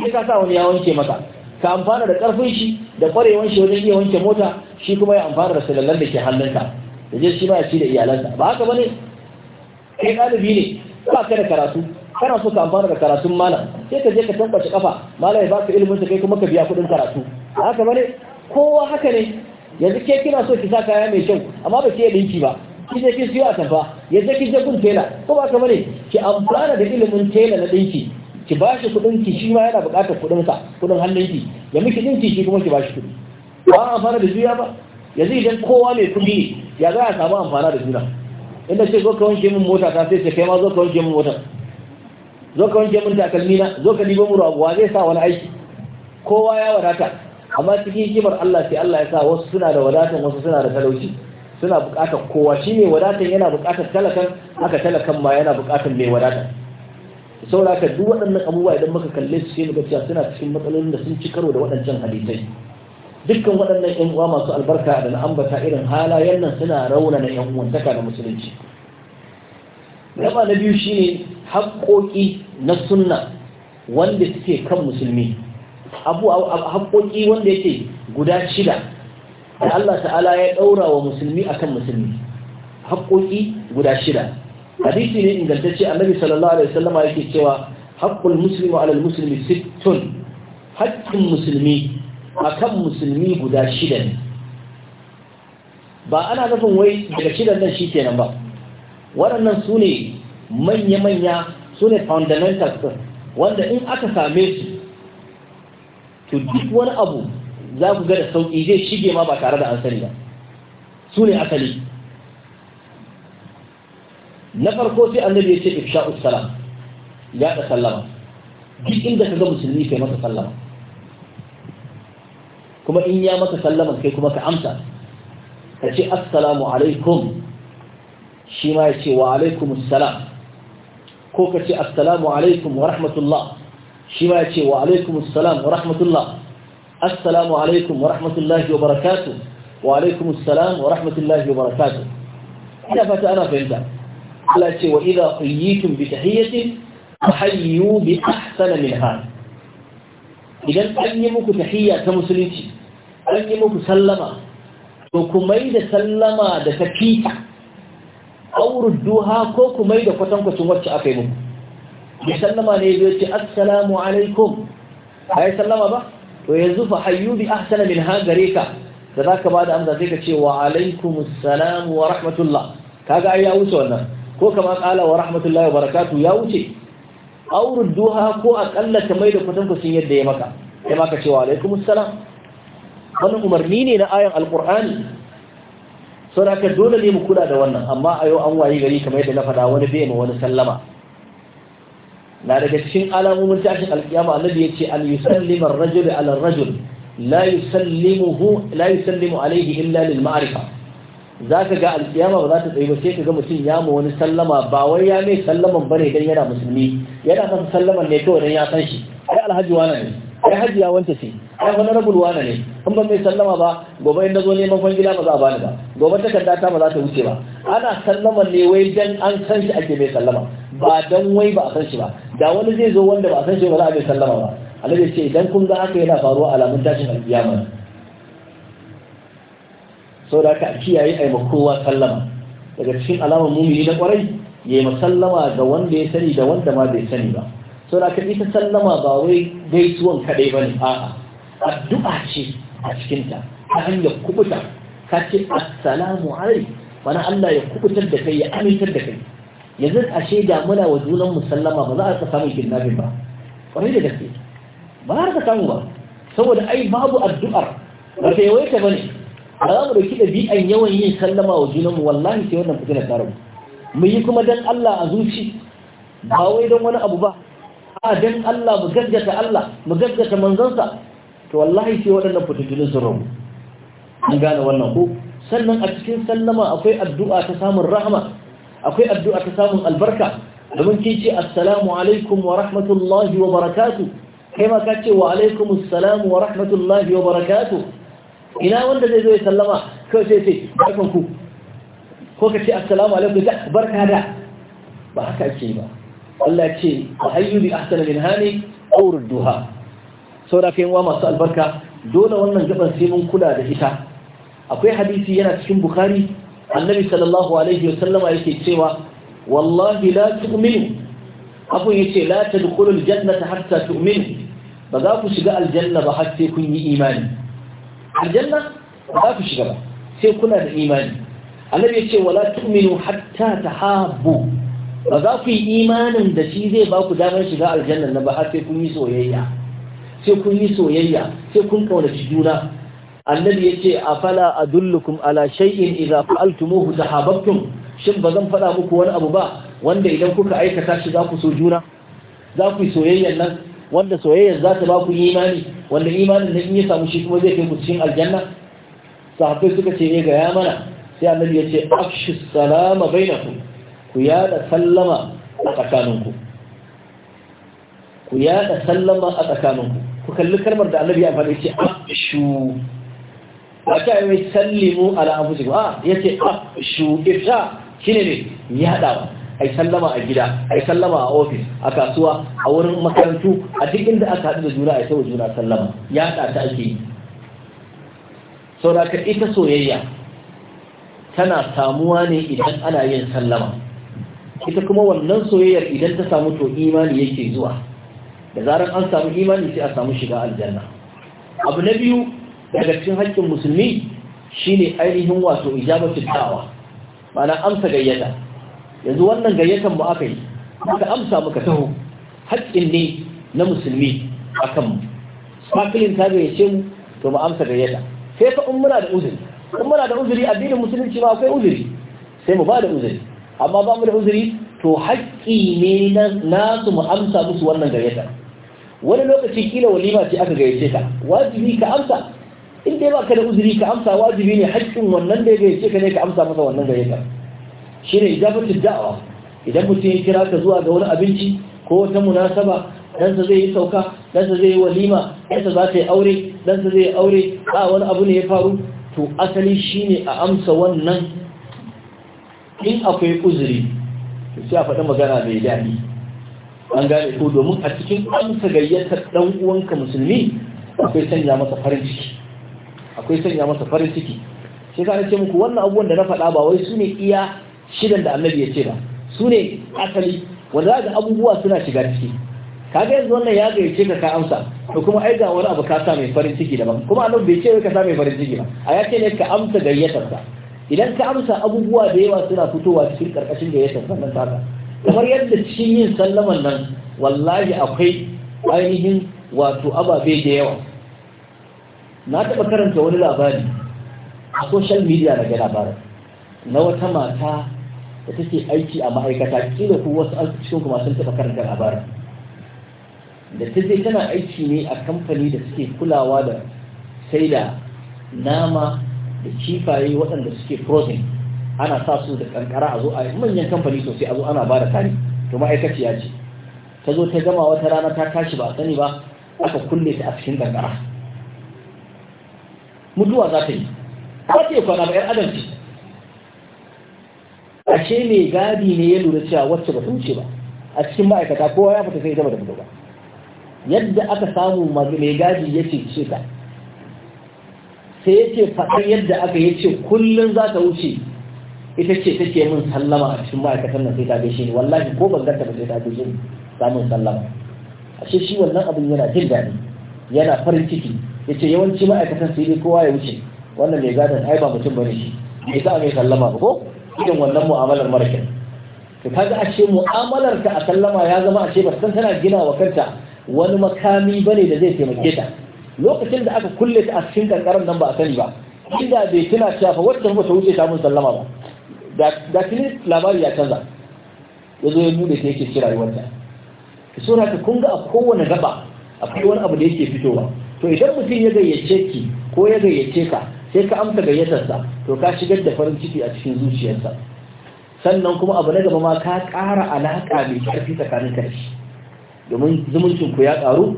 Speaker 1: sai ka sa wani ya wanke maka ka amfana da ƙarfin shi da ƙwarewan shi wajen iya wanke mota shi kuma ya amfana da salallan da ke hannunka da je shi ma ya ci da iyalansa ba haka bane kai ɗalibi ne ba ka da karatu kana so ka amfana da karatun malam sai ka je ka tambace kafa malam ya baka ilimin ta kai kuma ka biya kuɗin karatu haka bane kowa haka ne yanzu ke kina so ki sa kaya mai kyau amma ba ke dinki ba ki je kin siyo a tafa yanzu ki je kun tela ko ba ka ki amfana da ilimin tela na dinki ki ba shi kuɗin ki shi ma yana buƙatar kuɗin sa kuɗin hannun ki ya miki dinki shi kuma ki ba shi kuɗi ba amfana da juya ba yanzu idan kowa mai kuɗi ya za a samu amfana da juna inda ce zo ka wanke min mota ta sai ce kai ma zo ka wanke min mota zo ka wanke min takalmi na zo ka liba mu wa zai sa wani aiki kowa ya wadata amma cikin hikimar Allah sai Allah ya sa wasu suna da wadatan wasu suna da talauci suna buƙatar kowa shi ne wadatan yana buƙatar talakan haka talakan ma yana buƙatar mai wadata saboda haka duk waɗannan abubuwa idan muka kalle su sai muka cewa suna cikin matsalolin da sun ci karo da waɗancan hadisai dukkan waɗannan ƴan uwa masu albarka da na ambata irin halayen nan suna raunana ƴan uwantaka da musulunci Yaba na biyu shine haƙoƙi na sunna wanda suke kan musulmi abu haƙoƙi wanda yake guda shida da Allah ta'ala ya ɗaura wa musulmi kan musulmi haƙoƙi guda shida hadisi ne ingantacce annabi sallallahu alaihi wasallama yake cewa haƙƙul muslimu alal muslimi sittun haƙƙin musulmi akan musulmi guda shida ne ba ana nufin wai daga shidan nan shi kenan ba waɗannan su ne manya-manya su ne fundamentals ɗin wanda in aka same su to duk wani abu za ku ga da sauƙi zai shige ma ba tare da an sani ba su ne asali na farko sai annabi ya ce ifsha'us salam ya da sallama duk inda ka ga musulmi kai masa sallama kuma in ya maka sallama kai kuma ka amsa ka ce assalamu alaikum shi ma ya ce wa alaikum salam ko ka ce assalamu alaikum wa rahmatullah shi ma ya ce wa alaikum assalam wa rahmatullah assalamu alaikum wa rahmatullahi wa barakatu wa alaikum assalam wa rahmatullahi wa barakatu. ina fata ana fahimta Allah ce wa idza qayyitum bi tahiyyatin fahayyu bi ahsana minha idan an yi muku tahiyya ta musulunci an yi muku sallama to kuma mai da sallama da ta auruduha duha ko kuma da kwatankwacin wacce aka yi muku ya sallama ne ya ce assalamu alaikum a ya sallama ba to yanzu fa hayyu bi ahsana min ha gare ka da za ka ba da amsa sai ka ce wa alaikum assalam wa rahmatullah kaga ai ya wuce wannan ko kama kala wa rahmatullahi wa barakatuh ya wuce auruduha ko akalla ka mai da kwatankwacin yadda ya maka sai maka ce wa alaikum assalam wannan umarni ne na ayan alqur'ani sau da dole ne mu kula da wannan amma a yau an wayi gari kamar yadda na faɗa wani bai ma wani sallama na daga cikin alamomin tashin alkiyama annabi ya ce an yusallimu ar-rajulu ala ar-rajul la yusallimuhu la yusallimu alayhi illa lil ma'rifa zaka ga alkiyama ba za ta tsaye ba sai kaga mutum ya ma wani sallama ba wai ya mai sallaman bane dan yana musulmi yana masa sallaman ne kawai dan ya san shi ai alhaji wani ne ai hajiya wanta ce ai wani rabul ne in ban mai sallama ba gobe in zo neman gida ba za a bani ba gobe takarda ta ba za ta wuce ba ana sallama ne wai dan an san shi ake mai sallama ba dan wai ba a san shi ba da wani zai zo wanda ba a san shi ba za a mai sallama ba Allah ce idan kun ga aka yana faruwa alamun tashin alkiyama sau da aka kiyaye a kowa sallama daga cikin alamar mumini na kwarai ya yi masallama ga wanda ya sani da wanda ma bai sani ba so da ita sallama ba wai gaisuwan kaɗai ba ne a'a addu'a ce a cikinta ta hanyar kubuta ka ce assalamu alai wani Allah ya kubutar da kai ya amintar da kai yanzu a shaida muna wa junan musallama ba za a ka samun kidnapping ba kwarai da gaske ba za ka samu ba saboda ai babu addu'ar ba ta yawaita ba ne a za mu ɗauki ɗabi'an yawan yin sallama wa junanmu wallahi sai wannan fitina ta rabu mu yi kuma dan Allah a zuci ba wai don wani abu ba dan Allah mu gaggata Allah mu gaggata manzansa to wallahi sai waɗannan fititulun su rabu an gane wannan ko sannan a cikin sallama akwai addu'a ta samun rahama akwai addu'a ta samun albarka domin kin ce assalamu alaikum wa rahmatullahi wa barakatuh kai ma ka ce wa alaikum assalamu wa rahmatullahi wa barakatuh ina wanda zai zo ya sallama kawai sai sai barkan ku ko ka ce assalamu alaikum barka da ba haka ce ba Allah ce hayyu bi ahsana min hani aw rudduha saboda kai wa masu albarka dole wannan gaban sai mun kula da ita akwai hadisi yana cikin bukhari annabi sallallahu alaihi wasallama yake cewa wallahi la tu'minu abu yace la tadkhulul jannata hatta tu'minu ba za ku shiga aljanna ba har sai kun yi imani aljanna ba za ku shiga ba sai kuna da imani annabi yace wala tu'minu hatta tahabbu ba za ku yi imanin da shi zai ba ku damar shiga aljanna na ba har sai kun yi soyayya sai kun yi soyayya sai kun kaunaci juna annabi yace a adullukum ala shay'in idza fa'altumuhu tahabbtum shin ba zan faɗa muku wani abu ba wanda idan kuka aikata shi za ku so juna za ku yi soyayyan nan wanda soyayyar za ta ba ku imani wanda imanin nan in ya samu shi kuma zai kai ku cikin aljanna sahabbai suka ce ya ga ya mana sai annabi ya ce afshu salama bainakum ku yada sallama a tsakaninku ku yada sallama a tsakaninku ku kalli kalmar da annabi ya faɗi ce afshu ba ta yi sallimu ala anfusikum a yace afshu ifsha shine ne yadawa ai sallama a gida ai sallama a ofis a kasuwa a wurin makarantu a duk inda aka haɗu da juna ai sai juna sallama yada ta ake yi saboda ita soyayya tana samuwa ne idan ana yin sallama ita kuma wannan soyayyar idan ta samu to imani yake zuwa da zarar an samu imani sai a samu shiga aljanna abu na biyu daga cikin haƙƙin musulmi shine ainihin wato ijabatu da'wa ma'ana amsa gayyata yanzu wannan gayyatan mu aka yi muka amsa muka taho haƙƙin ne na musulmi akan mu sparkling ta gayyace mu to mu amsa gayyata sai ka in muna da uzuri in muna da uzuri addinin musulunci ma akwai uzuri sai mu ba da uzuri amma ba mu da uzuri to haƙƙi ne na su mu amsa musu wannan gayyata wani lokaci kila walima ce aka gayyace ka wajibi ka amsa in dai baka da uzuri ka amsa wajibi ne haƙƙin wannan da ya gayyace ka ne ka amsa masa wannan gayyata shine ijabatu da'wa idan mutum ya kira ka zuwa ga wani abinci ko wata munasaba ɗansa zai yi sauka ɗansa zai yi walima ɗansa za ta yi aure ɗansa zai yi aure a wani abu ne ya faru to asali shine a amsa wannan in akwai uzuri sai a faɗi magana mai daɗi an gane ko domin a cikin amsa gayyatar ɗan uwanka musulmi akwai sanya masa farin ciki akwai sanya masa farin ciki sai ka ce muku wannan abubuwan da na faɗa ba wai su ne iya shidan da annabi ya ce ba su asali wanda za abubuwa suna shiga ciki kaga yanzu wannan ya gayyace ka ka amsa to kuma ai ga wani abu ka sa mai farin ciki daban kuma annabi bai ce ka sa mai farin ciki ba a ya ce ne ka amsa gayyatar sa idan ka amsa abubuwa da yawa suna fitowa cikin karkashin da ya kamar yadda cikin yin sallaman nan wallahi akwai ainihin wato ababe da yawa na taɓa karanta wani labari a social media na ga labarin na wata mata da take aiki a ma'aikata kila ko wasu cikin kuma sun taɓa karanta labarin da ta je tana aiki ne a kamfani da suke kulawa da sai da nama da kifaye waɗanda suke frozen ana sa su da kankara a zo a manyan kamfani sosai a zo ana ba da tari to ma'aikaciya ce ta zo ta gama wata rana ta tashi ba a sani ba aka kulle ta a cikin kankara mutuwa za ta yi ba ce kwana ba 'yan adam ce ashe mai gadi ne ya lura cewa wacce ba ta wuce ba a cikin ma'aikata kowa ya fita sai ita ba da mutuwa yadda aka samu mai gadi ya ce ce ta sai yake faɗar yadda aka yace kullun za ta wuce ita ce take min sallama a cikin ma'aikatan nan sai ta gaishe ni wallahi ko ban ganta ba sai ta gaishe ni ta min sallama ashe shi wannan abin yana jin daɗi yana farin ciki yace yawanci ma'aikatan sai dai kowa ya wuce wannan mai gadon ai ba mutum bane shi bai sa mai sallama ba ko idan wannan mu'amalar mara kyau to kaga a mu'amalar ka a sallama ya zama a ce ba san tana gina wa kanta wani makami bane da zai taimake ta lokacin da aka kulle ta a cikin kankaran nan ba a sani ba inda bai tuna cewa fa wacce ba ta wuce ta mun sallama ba da tuni labari ya canza ya zo ya bude ta yake kira rayuwarta ki so na kun ga a kowane gaba akwai wani abu da yake fitowa to idan mutum ya gayyace ki ko ya gayyace ka sai ka amsa gayyatar sa to ka shigar da farin ciki a cikin zuciyarsa sannan kuma abu na gaba ma ka ƙara alaƙa mai ƙarfi tsakanin ka domin zumuncin ku ya ƙaru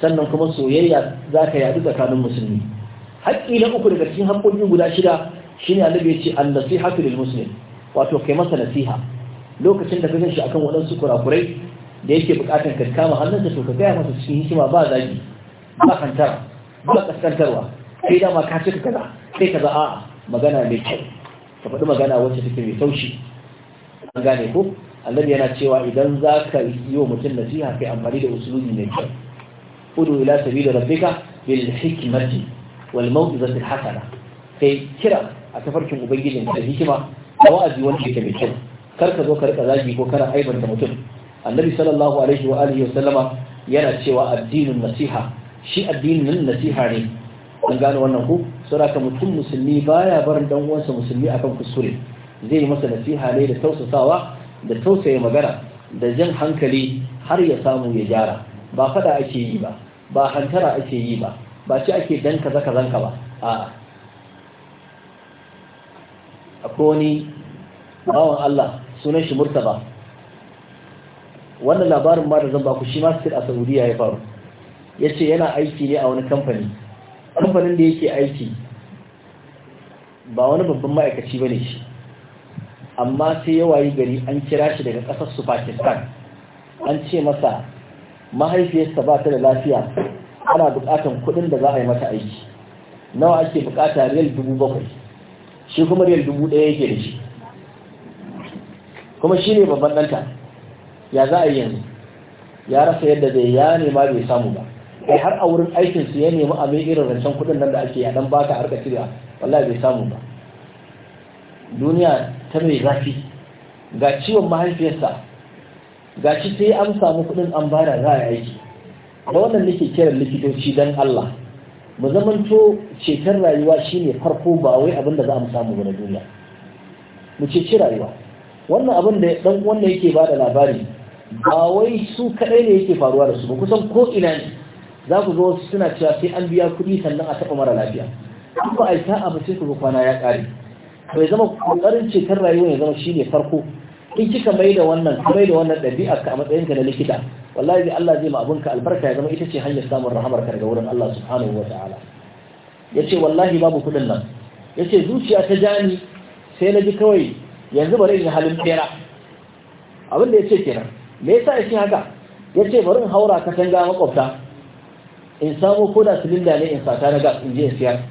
Speaker 1: sannan kuma soyayya za ka yadu tsakanin musulmi haƙƙi na uku daga cikin haƙƙoƙi guda shida shi ne annabi ya ce an-nasihatu da musulmi wato kai masa nasiha lokacin da ka gan shi akan waɗansu kurakurai da yake buƙatar ka kama hannunsa to ka gaya masa cikin hikima ba zagi ba hantara ba ƙasƙantarwa kai dama ka ka kaza kai kaza a'a magana mai kyau ka faɗi magana wacce take mai taushi an gane ko annabi yana cewa idan za ka yi wa mutum nasiha kai amfani da usuluni mai kyau udu ila sabili rabbika bil hikmati wal mawdizati hasana kai kira a tafarkin ubangijin da hikima a wa'azi wanda yake mai kyau kar ka zo ka rika zagi ko kana aibanta mutum annabi sallallahu yana cewa addinin nasiha shi addinin nasiha ne an gano wannan ku saboda mutum musulmi baya barin dan uwansa musulmi akan kuskure zai masa nasiha ne da tausasawa da tausayi magana da jan hankali har ya samu ya gyara ba fada ake yi ba ba hantara ake yi ba ba ci ake dan kaza kazan ba a'a akwai wani bawan Allah sunan shi Murtaba wannan labarin ma da zan ba ku shi ma sir a Saudiya ya faru yace yana aiki ne a wani kamfani kamfanin da yake aiki ba wani babban ma'aikaci bane shi amma sai ya wayi gari an kira shi daga ƙasar su Pakistan an ce masa mahaifiyarsa ba ta da lafiya ana bukatan kuɗin da za a yi mata aiki nawa ake bukata riyal dubu bakwai shi kuma riyal dubu ɗaya yake da shi kuma shi ne babban ɗanta ya za a yi yanzu ya rasa yadda zai ya nema bai samu ba kai har a wurin aikinsu ya nemi a mai irin rancen kuɗin nan da ake yadan ba ta harka cire wallahi bai samu ba duniya ta mai zafi ga ciwon mahaifiyarsa gashi sai an samu kuɗin an bara za a aiki da wannan nake kiran likitoci don Allah mu zamanto cetar rayuwa shine farko ba wai abin da za mu samu ba na duniya mu ceci rayuwa wannan abin da dan wanda yake ba da labari ba wai su kadai ne yake faruwa da su ba kusan ko ina ne za ku zo suna cewa sai an biya kuɗi sannan a taɓa mara lafiya an ba a abu sai ku kwana ya ƙare bai zama ƙoƙarin cetar rayuwa ya zama shine farko in kika mai da wannan mai da wannan ɗabi'a ka a matsayin ka na likita wallahi Allah zai ma abinka albarka ya zama ita ce hanyar samun rahamar ka daga wurin Allah subhanahu wa ta'ala yace wallahi babu kudin nan yace zuciya ta jani sai na ji kawai yanzu bari in halin tsira abin da yace kenan me yasa yake haka yace bari in haura katanga makwabta in samu koda silinda ne in sata na gas in je in siyar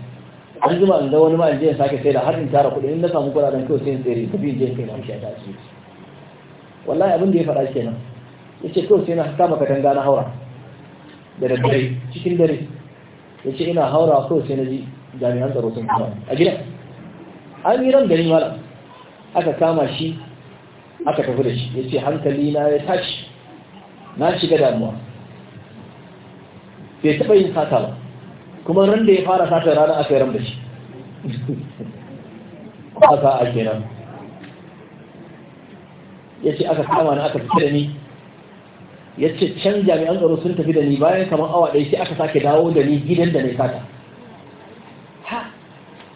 Speaker 1: an zuma in da wani ma in je sake sai da har in tara kuɗi in na samu kudaden kawai sai in tsere ku bi in je kai na mishi a tasiri wallahi abin da ya faɗa kenan yace kawai sai na kama katanga na haura da daddare cikin dare yace ina haura kawai sai na ji jami'an tsaro sun kuma a gida an yi ran gari malam aka kama shi aka tafi da shi yace hankali na ya tashi na shiga damuwa bai taɓa yin sata ba kuma ran da ya fara sata rana aka yi ran da shi haka a kenan ya ce aka kama na aka fita da ni ya ce can jami'an tsaro sun tafi da ni bayan kamar awa ɗaya sai aka sake dawo da ni gidan da na sata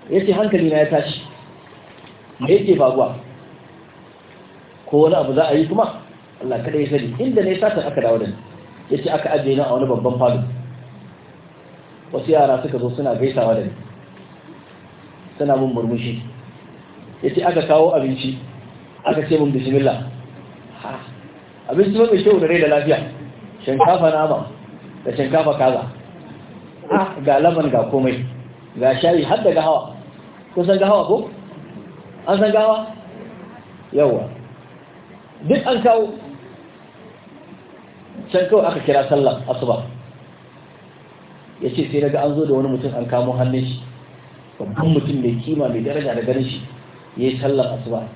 Speaker 1: ya ce hankali na ya tashi me yake faruwa ko wani abu za a yi kuma Allah kada ya sani inda ne sata aka dawo da ni ya ce aka ajiye na a wani babban falo wasu yara suka zo suna gaisawa da ni suna mun murmushi ya ce aka kawo abinci aka ce mun bismillah abinci mai kyau da rai da lafiya shinkafa nama da shinkafa kaza ga laban ga komai ga shayi har da gahawa ko san gahawa ko an san gahawa yawa duk an kawo can kawai aka kira sallah asuba ya ce sai daga an zo da wani mutum an kamo hannun shi babban mutum da kima mai daraja da ganin shi ya yi sallar asuba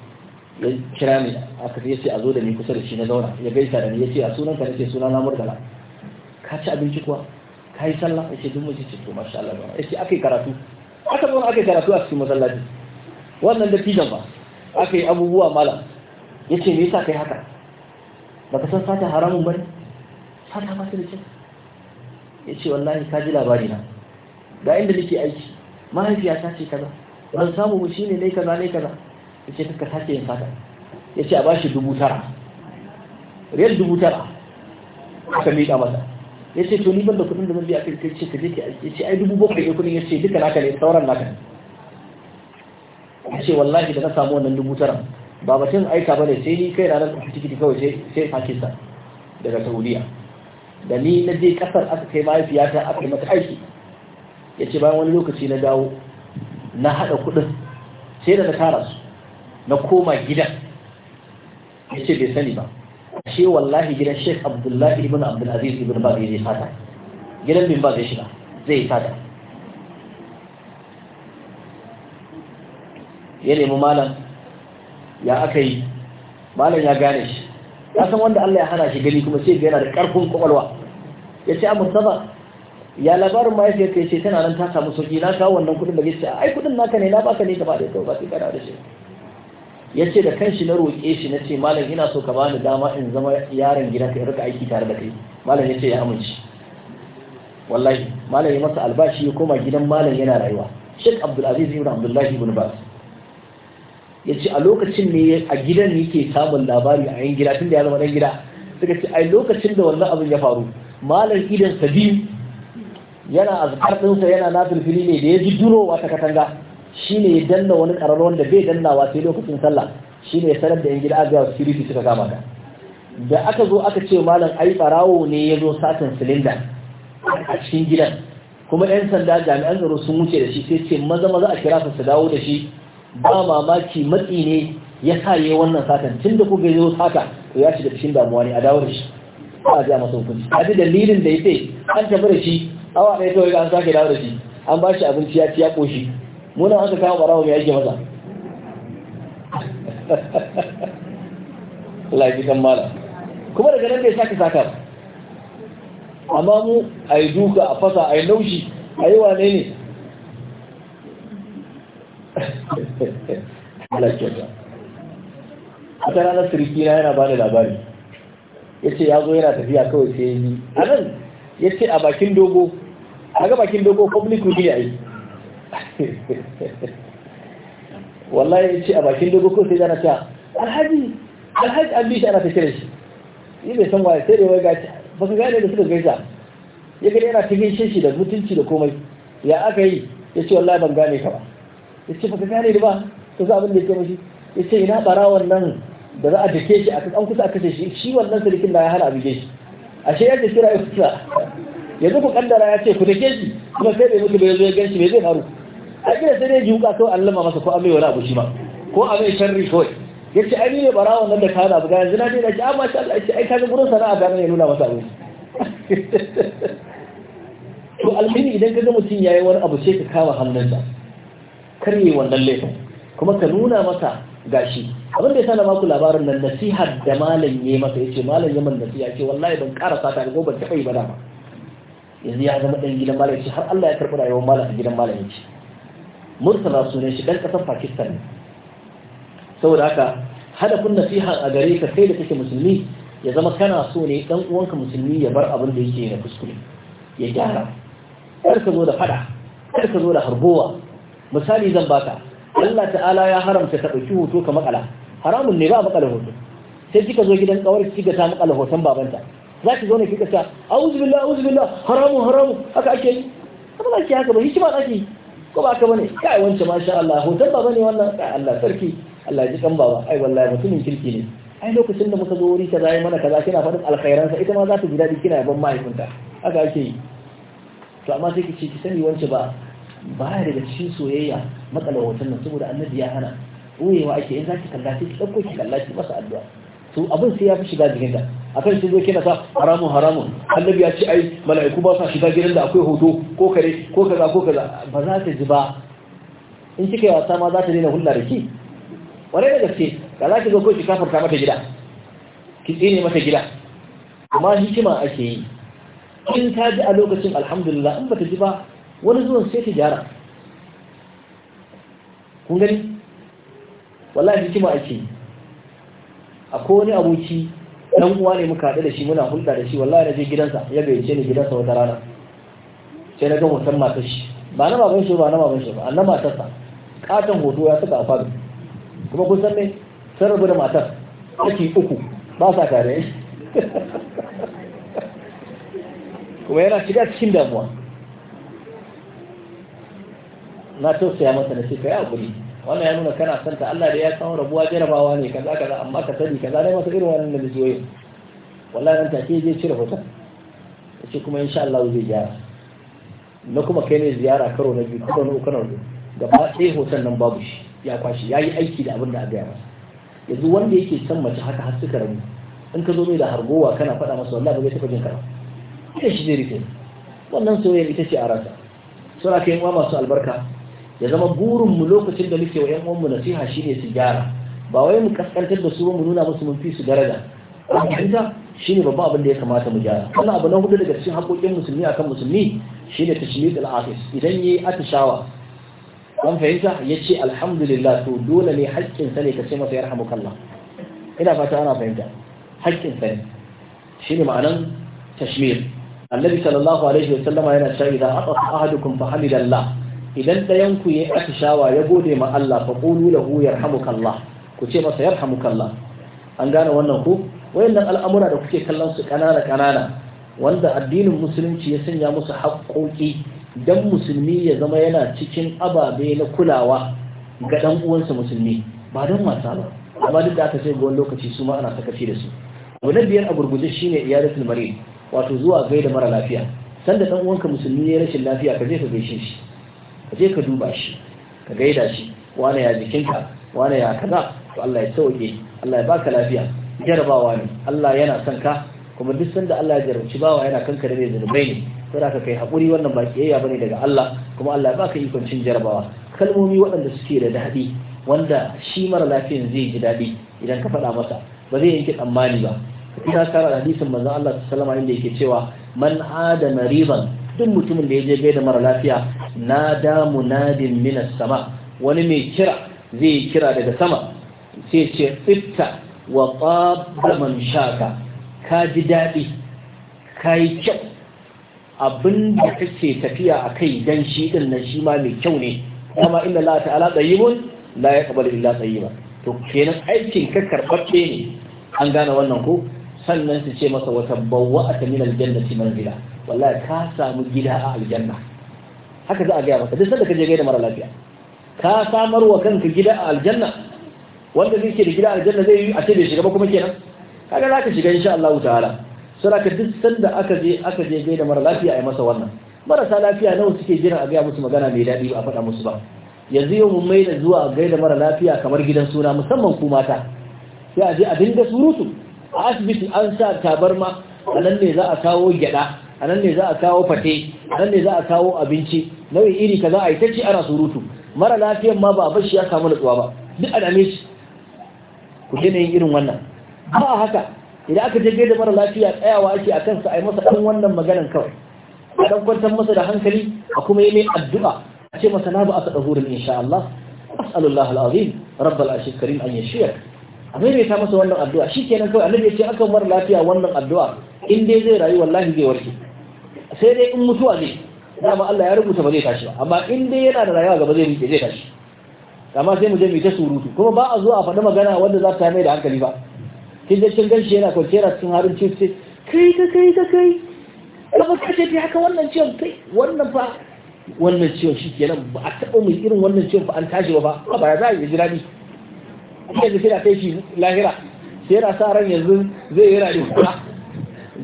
Speaker 1: ya kira ni aka ce yace a zo da ni kusa da shi na zauna ya gaisa da ni ya ce a sunanka na ce suna na murtala ka ci abinci kuwa ka yi sallah ya ce duk ce to masha Allah ya ce aka yi karatu aka zo aka yi karatu a cikin masallaci wannan da tijan ba aka yi abubuwa malam ya ce me yasa kai haka ka san sata haramun bane sata ba su da ce ya ce wallahi ka ji labari na ga inda nake aiki mahaifiyata ce kaza ban samu mu shine ne kaza ne kaza ya ce suka sake yin fata ya ce a ba shi dubu tara riyar dubu tara aka miƙa masa ya ce to ni ban da kuɗin da zan biya kai ce ka je ki ya ce ai dubu bakwai ne kudin ya ce duka naka ne sauran naka ne ya ce wallahi da na samu wannan dubu tara ba batun aika ba ne sai ni kai ranar ɗauki tikiti kawai sai pakistan daga saudiya da ni na je kasar aka kai mahaifiyata aka yi mata aiki ya ce bayan wani lokaci na dawo na haɗa kuɗin sai da na tara su na koma gidan ya ce bai sani ba ashe wallahi gidan shek abdullahi ibn abdulaziz ibn ba zai fata gidan bin ba zai shiga zai fata ya nemi malam ya aka yi malam ya gane shi ya san wanda Allah ya hana shi gani kuma sai yana da karfin kwakwalwa ya ce a mustafa ya labarin mahaifiyar ka ce tana nan ta samu sauki na kawo wannan kudin da gaskiya ai kuɗin naka ne na baka ne gaba da ba sai gana da shi ya ce da kanshi na roƙe shi na ce malam ina so ka bani dama in zama yaron gidan ka rika aiki tare da kai malam ya ce ya amince wallahi malam ya masa albashi ya koma gidan malam yana rayuwa Sheikh aziz ibn Abdullahi ibn Bas ya ce a lokacin ne a gidan yake samun labari a yan gida tun da ya zama dan gida suka ce a lokacin da wannan abin ya faru malam idan sabi yana azkar ɗinsa yana nafilfili ne da ya ji durowa ta katanga Shi ne ya danna wani karar wanda bai dannawa sai lokacin sallah shine ya sanar da yan gida aga security suka kama ka. da aka zo aka ce malam ai barawo ne ya zo satin silinda a cikin gidan kuma yan sanda jami'an tsaro sun wuce da shi sai ce maza maza a kira su dawo da shi ba mamaki matsi ne ya sa yi wannan satin tun da kuka zo sata to ya da cikin damuwa ne a dawo da shi ba a masa hukunci a dalilin da ya ce an tafi da shi awa ɗaya kawai an sake dawo da shi an ba shi abinci ya ci ya ƙoshi muna wasu kawo barawa mai yake masa laifin kan mala kuma daga nan bai saka saka amma mu a yi duka a fasa a yi naushi a yi wane ne a ta ranar sirki na yana bani labari ya ce ya zo yana tafiya kawai sai yi a nan ya ce a bakin dogo a ga bakin dogo public media yi wallahi ce a bakin dogo ko sai zana ta alhaji alhaji an bishi ana ta shi yi mai san waye sai da wai gaci ba su gane da suka gaisa ya gani yana ta gaishe shi da mutunci da komai ya aka yi ya ce wallahi ban gane ka ba ya ce ba ka gane ni ba ka za abin da ya ce mashi ya ce ina bara nan da za a jike shi an kusa a kashe shi shi wannan sarkin da ya hana abin shi ashe ya ce kira ya fita yanzu ku kandara ya ce ku take shi kuma sai bai mutu bai zo ya gan shi bai zai faru abin sai dai jiwuka kawai an lama masa ko amai wani abu shi ma ko amai mai sharri kawai ya ce an ne barawa nan da kawo abu ga yanzu na dai da ce amma ah, shi Allah ce ai ka ga gurin sana'a ga nan ya nuna masa abu to alhini idan ka ga mutum ya yi wani abu sai ka kama hannunsa kar yi wannan laifin kuma ka nuna masa gashi abin da ya sana maku labarin nan nasihar da malam ya masa ya ce malam ya man nasiha ce wallahi ban ƙara sata ga gobar taɓa yi ba dama yanzu ya zama ɗan gidan malam ya ce har Allah ya karɓi rayuwar malam a gidan malam ya ce mursala sunan shi ɗan ƙasar pakistan ne saboda haka hadafin nasiha a gare ka kai da kake musulmi ya zama kana so ne ɗan uwanka musulmi ya bar abin da yake na kuskure ya gyara kar ka zo da fada kar ka zo da harbowa misali zan baka Allah ta'ala ya haramta ka ɗauki hoto ka makala haramun ne ba makala hoto sai kika zo gidan kawar kika ta makala hoton babanta za ki zo ne kika ta auzu billahi haramun haramun haka ake yi ba za ki haka ba za ki yi ko ba ka bane kai wance masha Allah hoton baba ne wannan kai Allah sarki Allah ji kan baba ai wallahi mutumin kirki ne ai lokacin da muka zo wuri ta yi mana kaza kina fadin alkhairan sa ita ma za ta ji dadi kina yaban mahaifinta haka ake yi to amma sai ki ce ki sani wance ba baya daga cikin soyayya matsala hoton nan saboda annabi ya hana wuyewa ake in za ki kalla sai ki dauko ki kalla ki masa addu'a to abin sai ya fi shiga jikinta akan sun zo kina sa haramun haramun annabi ya ce ai mala'iku ba sa shiga gidan da akwai hoto ko kare ko kaza ko kaza ba za ta ji ba in kika yi wasa ma za ta daina hulla da ki wani da gaske da za ki zo ko ki kafarta mata gida ki tsine mata gida amma hikima ake yi in ta ji a lokacin alhamdulillah in ba ta ji ba wani zuwan sai ta gyara kun gani wallahi hikima ake yi akwai wani aboki dan uwa ne muka haɗu da shi muna hulɗa da shi wallahi na je gidansa ya gayyace ni gidansa wata rana sai na ga hoton matar shi ba na baban shi ba na baban shi ba na sa katon hoto ya saka a fadu kuma kun san me sai rabu da matar saki uku ba sa tare kuma yana shiga cikin damuwa na tausaya masa na ce ka yi hakuri wannan ya nuna kana son ta Allah da ya san rabuwa jarabawa ne kaza kaza amma ka sani kaza dai masa irin wannan da jiyoyi wallahi nan take je cire hoton yace kuma insha Allah zai gyara na kuma kai ne ziyara karo na biyu karo na uku na biyu gaba ɗaya hoton nan babu shi ya kwashi ya yi aiki da abin da aka masa yanzu wanda yake son mace haka har suka rabu in ka zo mai da hargowa kana faɗa masa wallahi ba zai taɓa jin ka ba shi zai rike wannan soyayya ita ce a rasa suna kai ma masu albarka ya zama burinmu lokacin da muke wa ƴan uwan mu shi ne su gyara ba wai mu kaskantar da su mu nuna musu mun fi su daraja shi ne babban abin da ya kamata mu gyara wannan abu na hudu daga cikin haƙoƙin musulmi akan musulmi shine tashmid al-afis idan ya yi atishawa an fahimta ya ce alhamdulillah to dole ne haƙƙin sa ne ka ce masa yarhamukallah ina fata ana fahimta haƙƙin sa ne shine ma'anan tashmir annabi sallallahu alaihi wa sallama yana cewa idan aqata ahadukum fa hamidallah idan ɗayan ku yi atishawa ya gode ma Allah fa qulu lahu yarhamukallah ku ce masa yarhamukallah an gane wannan ku wayannan al'amura da kuke kallon su ƙanana ƙanana wanda addinin musulunci ya sanya musu haƙoƙi dan musulmi ya zama yana cikin ababe na kulawa ga ɗan uwansa musulmi ba don wasa ba amma duk da aka sai gowon lokaci su ma ana sakaci da su abu na biyar a gurguje shine iyadatul marid wato zuwa gaida mara lafiya sanda ɗan uwanka musulmi ya rashin lafiya ka je ka gaishe shi Kaje je ka duba shi ka gaida shi wane ya jikinka wane ya kaza to Allah ya sauke Allah ya baka lafiya jarabawa ne Allah yana son ka kuma duk sanda Allah ya jarabci bawa yana kankare ne zunubai ne sai da ka kai haƙuri wannan ba kiyayya bane daga Allah kuma Allah ya baka ikon cin jarabawa kalmomi waɗanda suke da daɗi wanda shi mara lafiyan zai ji daɗi idan ka faɗa masa ba zai yanke tsammani ba ina kara hadisin manzon Allah sallallahu alaihi wasallam inda yake cewa man adana riban duk mutumin da ya je gaida mara lafiya damu nadin minas sama wani mai kira zai yi kira daga sama sai ce ifta wa qabla man shaka ka ji daɗi ka yi kyau abin da kake tafiya a kai dan shi ɗin nan shi ma mai kyau ne kuma inna Allah ta'ala tayyibun la yaqbalu illa tayyiba to kenan aikin ka karbabbe ne an gane wannan ko sannan su ce masa wata bawwa a min aljannati manzila wallahi ka samu gida a aljanna haka za a gaya maka duk sanda ka je gaida mara lafiya ka samar wa kanka gida a aljanna wanda zai ke da gida a aljanna zai yi a ce bai shiga ba kuma kenan kaga za ka shiga insha Allah ta'ala sai ka duk sanda aka je aka je gaida mara lafiya a yi masa wannan marasa lafiya nawa suke jiran a gaya musu magana mai daɗi ba a faɗa musu ba yanzu yau mun maida zuwa a gaida mara lafiya kamar gidan suna musamman ku mata sai a je a dinga surutu a asibiti an sa tabarma a nan ne za a kawo gyada a nan ne za a kawo fate a nan ne za a kawo abinci nau'i iri kaza a yi ta ci ana surutu mara lafiyan ma ba a bashi ya samu nutsuwa ba duk a dame shi ku daina yin irin wannan ba haka idan aka je da mara lafiya tsayawa ake a kansa a yi masa ɗan wannan maganan kawai a ɗan kwantar masa da hankali a kuma yi mai addu'a a ce masa na ba a saɗa hurin insha Allah as'alullah al'azim rabbal ashir an yashiyar a maimaita masa wannan addu'a shi kenan kawai annabi ya ce akan mara lafiya wannan addu'a in dai zai rayu wallahi zai warke sai dai in mutuwa zai dama Allah ya rubuta ba zai tashi ba amma in dai yana da rayuwa gaba zai rike zai tashi amma sai mu je mu ta surutu kuma ba a zo a faɗi magana wanda za ta mai da hankali ba kin je kin ganshi yana kwance a cikin harin cin sai kai ka kai ka kai amma ka ce haka wannan ciwon kai wannan fa wannan ciwon shi kenan ba a taɓa mu irin wannan ciwon ba an tashi ba ba ba ya za a yi jira ni kuma yanzu sai da kai shi lahira sai yana sa ran yanzu zai yi rayuwa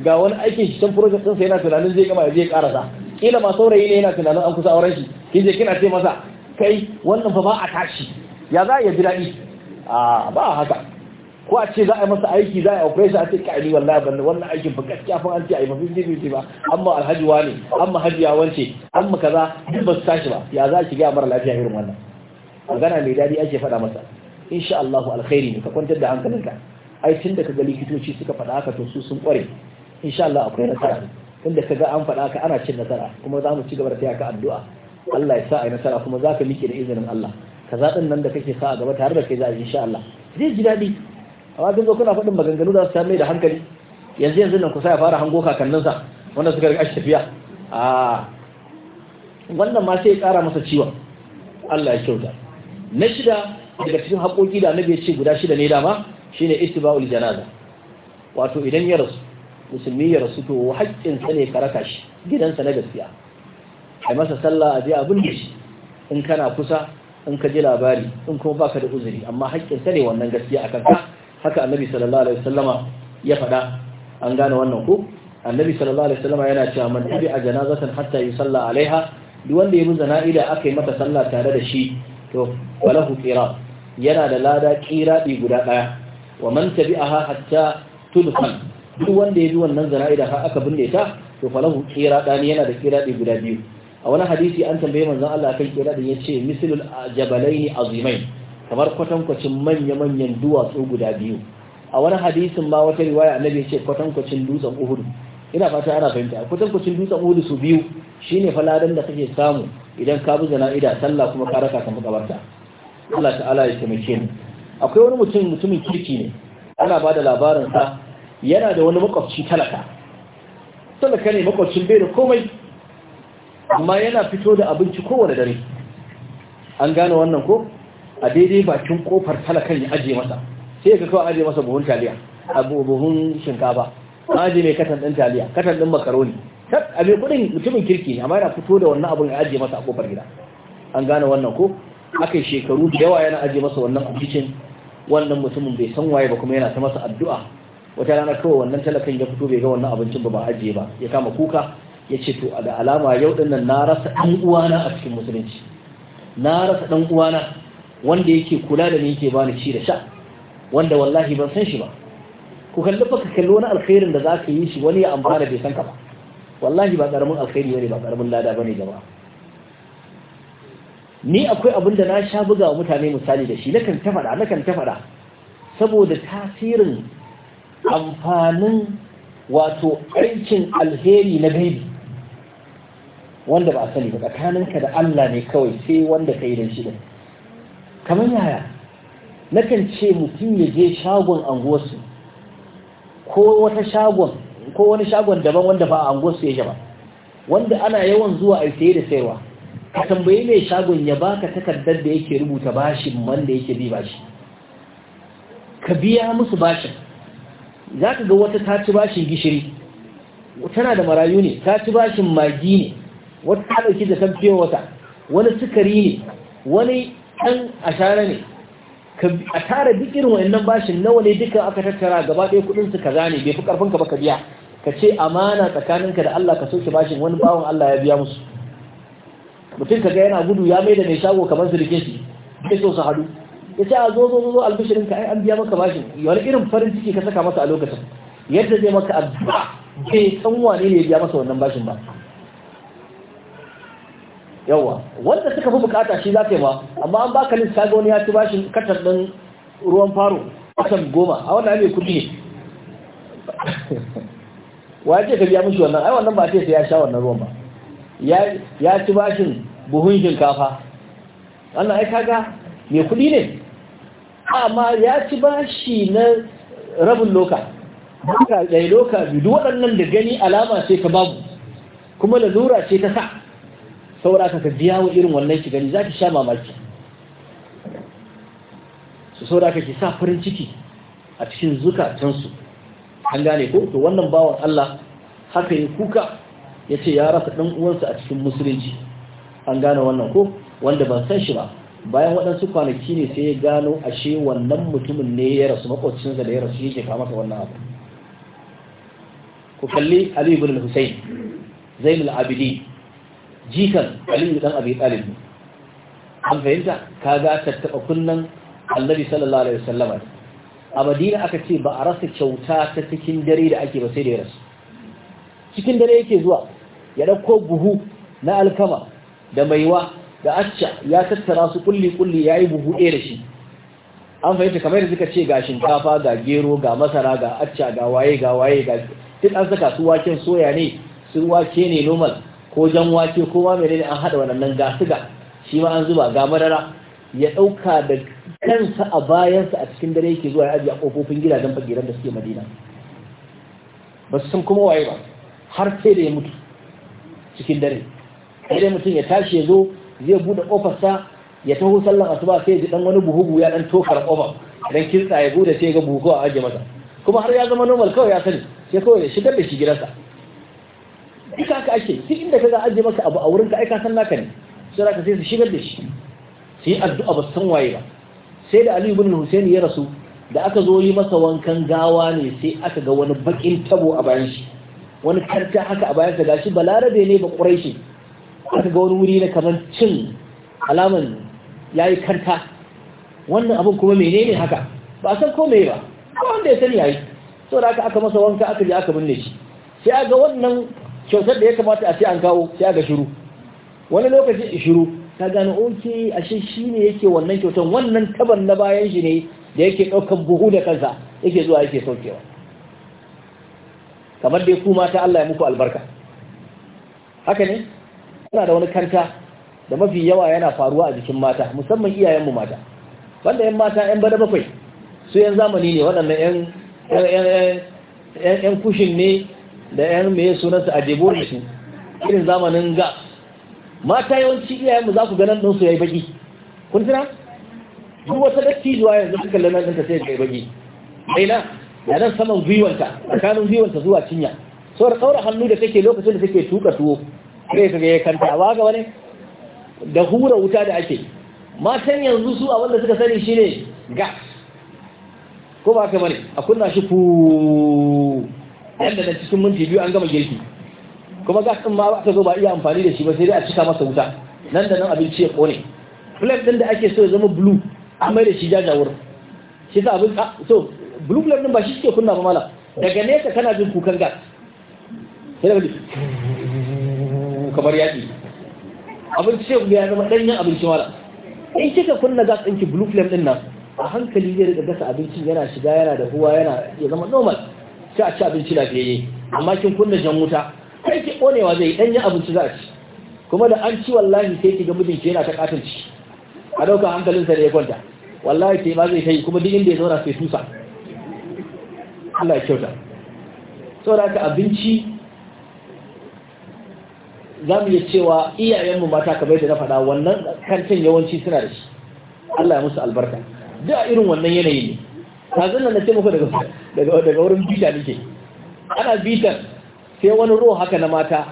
Speaker 1: ga wani aikin shi can furojin ɗinsa yana tunanin zai gama ya je karasa kila ma saurayi ne yana tunanin an kusa auren shi kije kina ce masa kai wannan fa ba a tashi ya za ya ji daɗi a ba haka ko a ce za a masa aiki za a yi operation a ce ka ni wallahi ban wannan aikin ba gaskiya fa an ce ai mafi jibi ba amma alhaji wani amma hajiya wance amma kaza duk ba su tashi ba ya za ki ga mara lafiya irin wannan magana mai dadi ake faɗa masa insha Allahu alkhairi ne ka kwantar da hankalinka ai tun da kaga likitoci suka faɗa haka to su sun kware insha Allah akwai nasara inda ka ga an faɗa ka ana cin nasara kuma za mu ci gaba da taya ka addu'a Allah ya sa a yi nasara kuma za ka miƙe da izinin Allah ka za ɗin nan da kake sa a gaba tare da kai za a insha Allah zai ji daɗi amma kin zo kuna faɗin maganganu za su same da hankali yanzu yanzu nan kusa ya fara hango kakanninsa wanda suka riga shi tafiya a wannan ma sai ya ƙara masa ciwon Allah ya kyauta na shida daga cikin haƙoƙi da nabi ya ce guda shida ne dama shine istibaul janaza wato idan ya rasu musulmi ya rasu to hakkinsa ne ka raka shi gidansa na gaskiya a masa sallah a je a binne shi in kana kusa in ka ji labari in kuma baka da uzuri amma haƙƙinsa ne wannan gaskiya a kanka haka annabi sallallahu alaihi wasallama ya faɗa an gane wannan ko annabi sallallahu alaihi wasallama yana cewa man tabi a janazatan hatta yusalla alaiha duk wanda ya bi zana'ida aka yi mata sallah tare da shi to walahu qira yana da lada qira guda daya wa man tabi'aha hatta tudfan duk wanda ya bi wannan zana'ida har aka binne ta to falahu kira dani yana da kira guda biyu a wani hadisi an tambaye manzon Allah kan kira din yace mislul jabalaini azimain kamar kwatankwacin manya-manyan duwatsu guda biyu a wani hadisin ma wata riwaya annabi yace kwatankwacin dutsen Uhud ina fata ana fahimta kwatankwacin dutsen Uhud su biyu shine faladan da kake samu idan ka bi zana'ida sallah kuma ka raka ta makabarta Allah ta'ala ya taimake ni. akwai wani mutum mutumin kirki ne ana bada labarin sa yana da wani makwabci talaka talaka ne makwabcin bai da komai amma yana fito da abinci kowane dare an gane wannan ko a daidai bakin kofar talakan ya aje masa sai ka kawai aje masa buhun taliya buhun shinkafa aje mai katan ɗin taliya katan ɗin makaroni a mai kudin mutumin kirki ne amma yana fito da wannan abin ya aje masa a kofar gida an gane wannan ko aka yi shekaru da yawa yana aje masa wannan abincin wannan mutumin bai san waye ba kuma yana ta masa addu'a wata rana kawai wannan talakan ya fito bai ga wannan abincin ba ba ajiye ba ya kama kuka ya ce to da alama yau din nan na rasa dan uwana a cikin musulunci na rasa dan uwana wanda yake kula da ni yake bani ci da sha wanda wallahi ban san shi ba ku kalli ka kalli wani alkhairin da zaka yi shi wani ya amfana bai san ka ba wallahi ba karamin alkhairi bane ba karamin lada bane jama'a ni akwai abin da na sha buga wa mutane misali da shi nakan ta faɗa nakan ta faɗa saboda tasirin amfanin wato aikin alheri na gaibi wanda ba a sani ba tsakaninka da Allah ne kawai sai wanda ka yi da shi da kamar yaya nakan ce mutum ya je shagon anguwarsu ko wata shagon ko wani shagon daban wanda ba a anguwarsu ya ba wanda ana yawan zuwa a saye da sayarwa ka tambayi mai shagon ya baka takardar da yake rubuta bashin wanda yake bi bashi ka biya musu bashin za ka ga wata ta ci bashin gishiri tana da marayu ne ta ci bashin magi ne wata ta ɗauki da kan wata wani sukari ne wani ɗan ashara ne a tara duk irin bashin nawa ne duka aka tattara gaba ɗaya kuɗin su kaza ne bai fi karfin ka ba ka biya ka ce amana tsakaninka da Allah ka soke bashin wani bawon Allah ya biya musu mutum ka ga yana gudu ya mai da mai shago kamar su rike shi bai so su hadu ya ce a zo zo zo albishirin ka an biya maka bashin wani irin farin ciki ka saka masa a lokacin yadda zai maka addu'a ke san wane ne ya biya masa wannan bashin ba yawa wanda suka fi bukata shi za ka yi ma amma an baka list kaga wani ya ci bashin katar din ruwan faro kasan goma a wannan mai kudi ne wa ya ce ka biya mishi wannan ai wannan ba ce sai ya sha wannan ruwan ba ya ci bashin buhun shinkafa wannan ai kaga mai kudi ne amma ya ci bashi na rabin loka duka ɗaya loka biyu waɗannan da gani alama ce ka babu kuma lalura ce ta sa saura ka biya wa irin wannan ki gani za ki sha mamaki su saura ka ki sa farin ciki a cikin zukatansu an gane ko to wannan bawan Allah haka ya kuka ya ce ya rasa ɗan uwansa a cikin musulunci an gane wannan ko wanda ban san shi ba bayan waɗansu kwanaki ne sai ya gano ashe wannan mutumin ne ya rasu makwacinsa da ya rasu yake kama ta wannan abu ku kalli Ali ibn Hussein Zainul Abidi jikan Ali ibn Abi Talib an fahimta kaga tattaɓa kunnan Annabi sallallahu alaihi wasallam a Madina aka ce ba a rasa kyauta ta cikin dare da ake ba sai da ya rasu cikin dare yake zuwa ya ɗauko buhu na alkama da maiwa da acca ya tattara su kulli kulli yayi buhu ɗaya da shi an fahimta kamar da suka ce ga shinkafa ga gero ga masara ga acca ga waye ga waye ga duk an saka su waken soya ne su wake ne normal ko jan wake ko ma ne an hada wannan ga suga shi ma an zuba ga madara ya ɗauka da kansa a bayansa a cikin dare yake zuwa ya ajiye a kofofin gidajen fakiran da suke madina ba su san kuma waye ba har sai da ya mutu cikin dare sai mutum ya tashi ya zo zai bude kofar sa ya taho sallan asuba sai ji dan wani buhu ya dan tokar kofar dan kirtsa ya bude sai ga buhu a aje masa kuma har ya zama normal kawai ya sani sai kawai ya shigar da shi gidansa duka haka ake duk inda ga aje masa abu a wurin ka ai ka san naka ne sai ka sai su shigar da shi su yi addu'a ba san waye ba sai da Aliyu ibn Hussein ya rasu da aka zo yi masa wankan gawa ne sai aka ga wani bakin tabo a bayan shi wani karta haka a bayan gashi balarabe ne ba quraishi aka ga wani wuri na kamar cin alaman ya yi karta wannan abin kuma menene haka ba a san ko me ba ko wanda ya sani yayi so da aka masa wanka aka ji aka binne shi sai ga wannan kyautar da ya kamata a ce an kawo sai ga shiru wani lokaci shiru ka gano oke ashe shi ne yake wannan kyautar wannan taban na bayan shi ne da yake ɗaukar buhu da kansa yake zuwa yake saukewa kamar dai kuma ta Allah ya muku albarka haka ne yana da wani kanta da mafi yawa yana faruwa a jikin mata musamman iyayenmu mata wanda yan mata yan bada bakwai su yan zamani ne waɗannan yan kushin ne da yan mai sunansa a jebori su irin zamanin ga mata yawanci iyayenmu za ku ganin ɗansu ya yi baƙi kun tuna duk wata dattijuwa yanzu suka lalata ta sai ya yi baƙi ɗaina da nan saman gwiwanta tsakanin gwiwanta zuwa cinya da ɗaura hannu da take lokacin da take tuka tuwo sai ka ga ya kanta ba ga wani da hura wuta da ake matan yanzu su a wanda suka sani shine gas ko ba ka bane a kunna shi ku yadda da cikin minti biyu an gama girki kuma gas din ma aka zo ba iya amfani da shi ba sai dai a cika masa wuta nan da nan abinci ya kone flame din da ake so ya zama blue an mai da shi jajawar shi ta abin ah, so blue flame din ba shi suke kunna ba mala daga nesa kana jin kukan gas sai da kamar yaƙi abinci sai ya zama ɗanyen abinci mara in kika kunna gas ɗinki blue flame ɗin nan a hankali zai riga gasa abinci yana shiga yana da huwa yana ya zama normal sai a ci abinci fiye amma kin kunna jan wuta kai ki ƙonewa zai yi, ɗanyen abinci za a ci kuma da an ci wallahi sai ki ga mijinki yana ta ci, a ɗaukar hankalinsa da ya kwanta wallahi sai ma zai kai kuma duk inda ya zauna sai tusa Allah ya kyauta saboda haka abinci za mu iya cewa iyayenmu mata kamar yadda na faɗa wannan kantin yawanci suna da shi Allah ya musu albarka duk a irin wannan yanayi ne kazan nan na ce muku daga daga daga wurin bita nake ana bitan sai wani ruwa haka na mata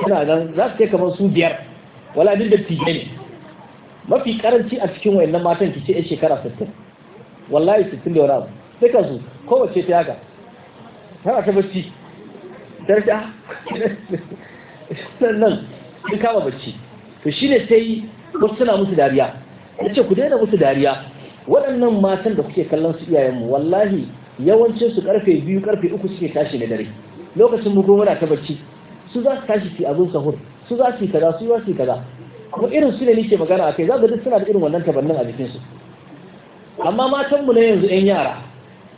Speaker 1: suna nan za su kai kamar su biyar wala din da tije ne mafi karanci a cikin wayannan matan ki ce a shekara 60 wallahi 60 da wani abu sai ka su kowace ta haka tana ta bacci da nan nan sun kama bacci to shi ne sai wasu suna musu dariya ya ce ku daina musu dariya waɗannan matan da kuke kallon su iyayenmu wallahi yawancin su karfe biyu karfe uku suke tashi na dare lokacin mu ta bacci su za su tashi su abin sahur su za su yi kaza su yi su kaza kuma irin su ne ke magana a kai? za ga duk suna da irin wannan tabannin a jikin su amma matan mu na yanzu yan yara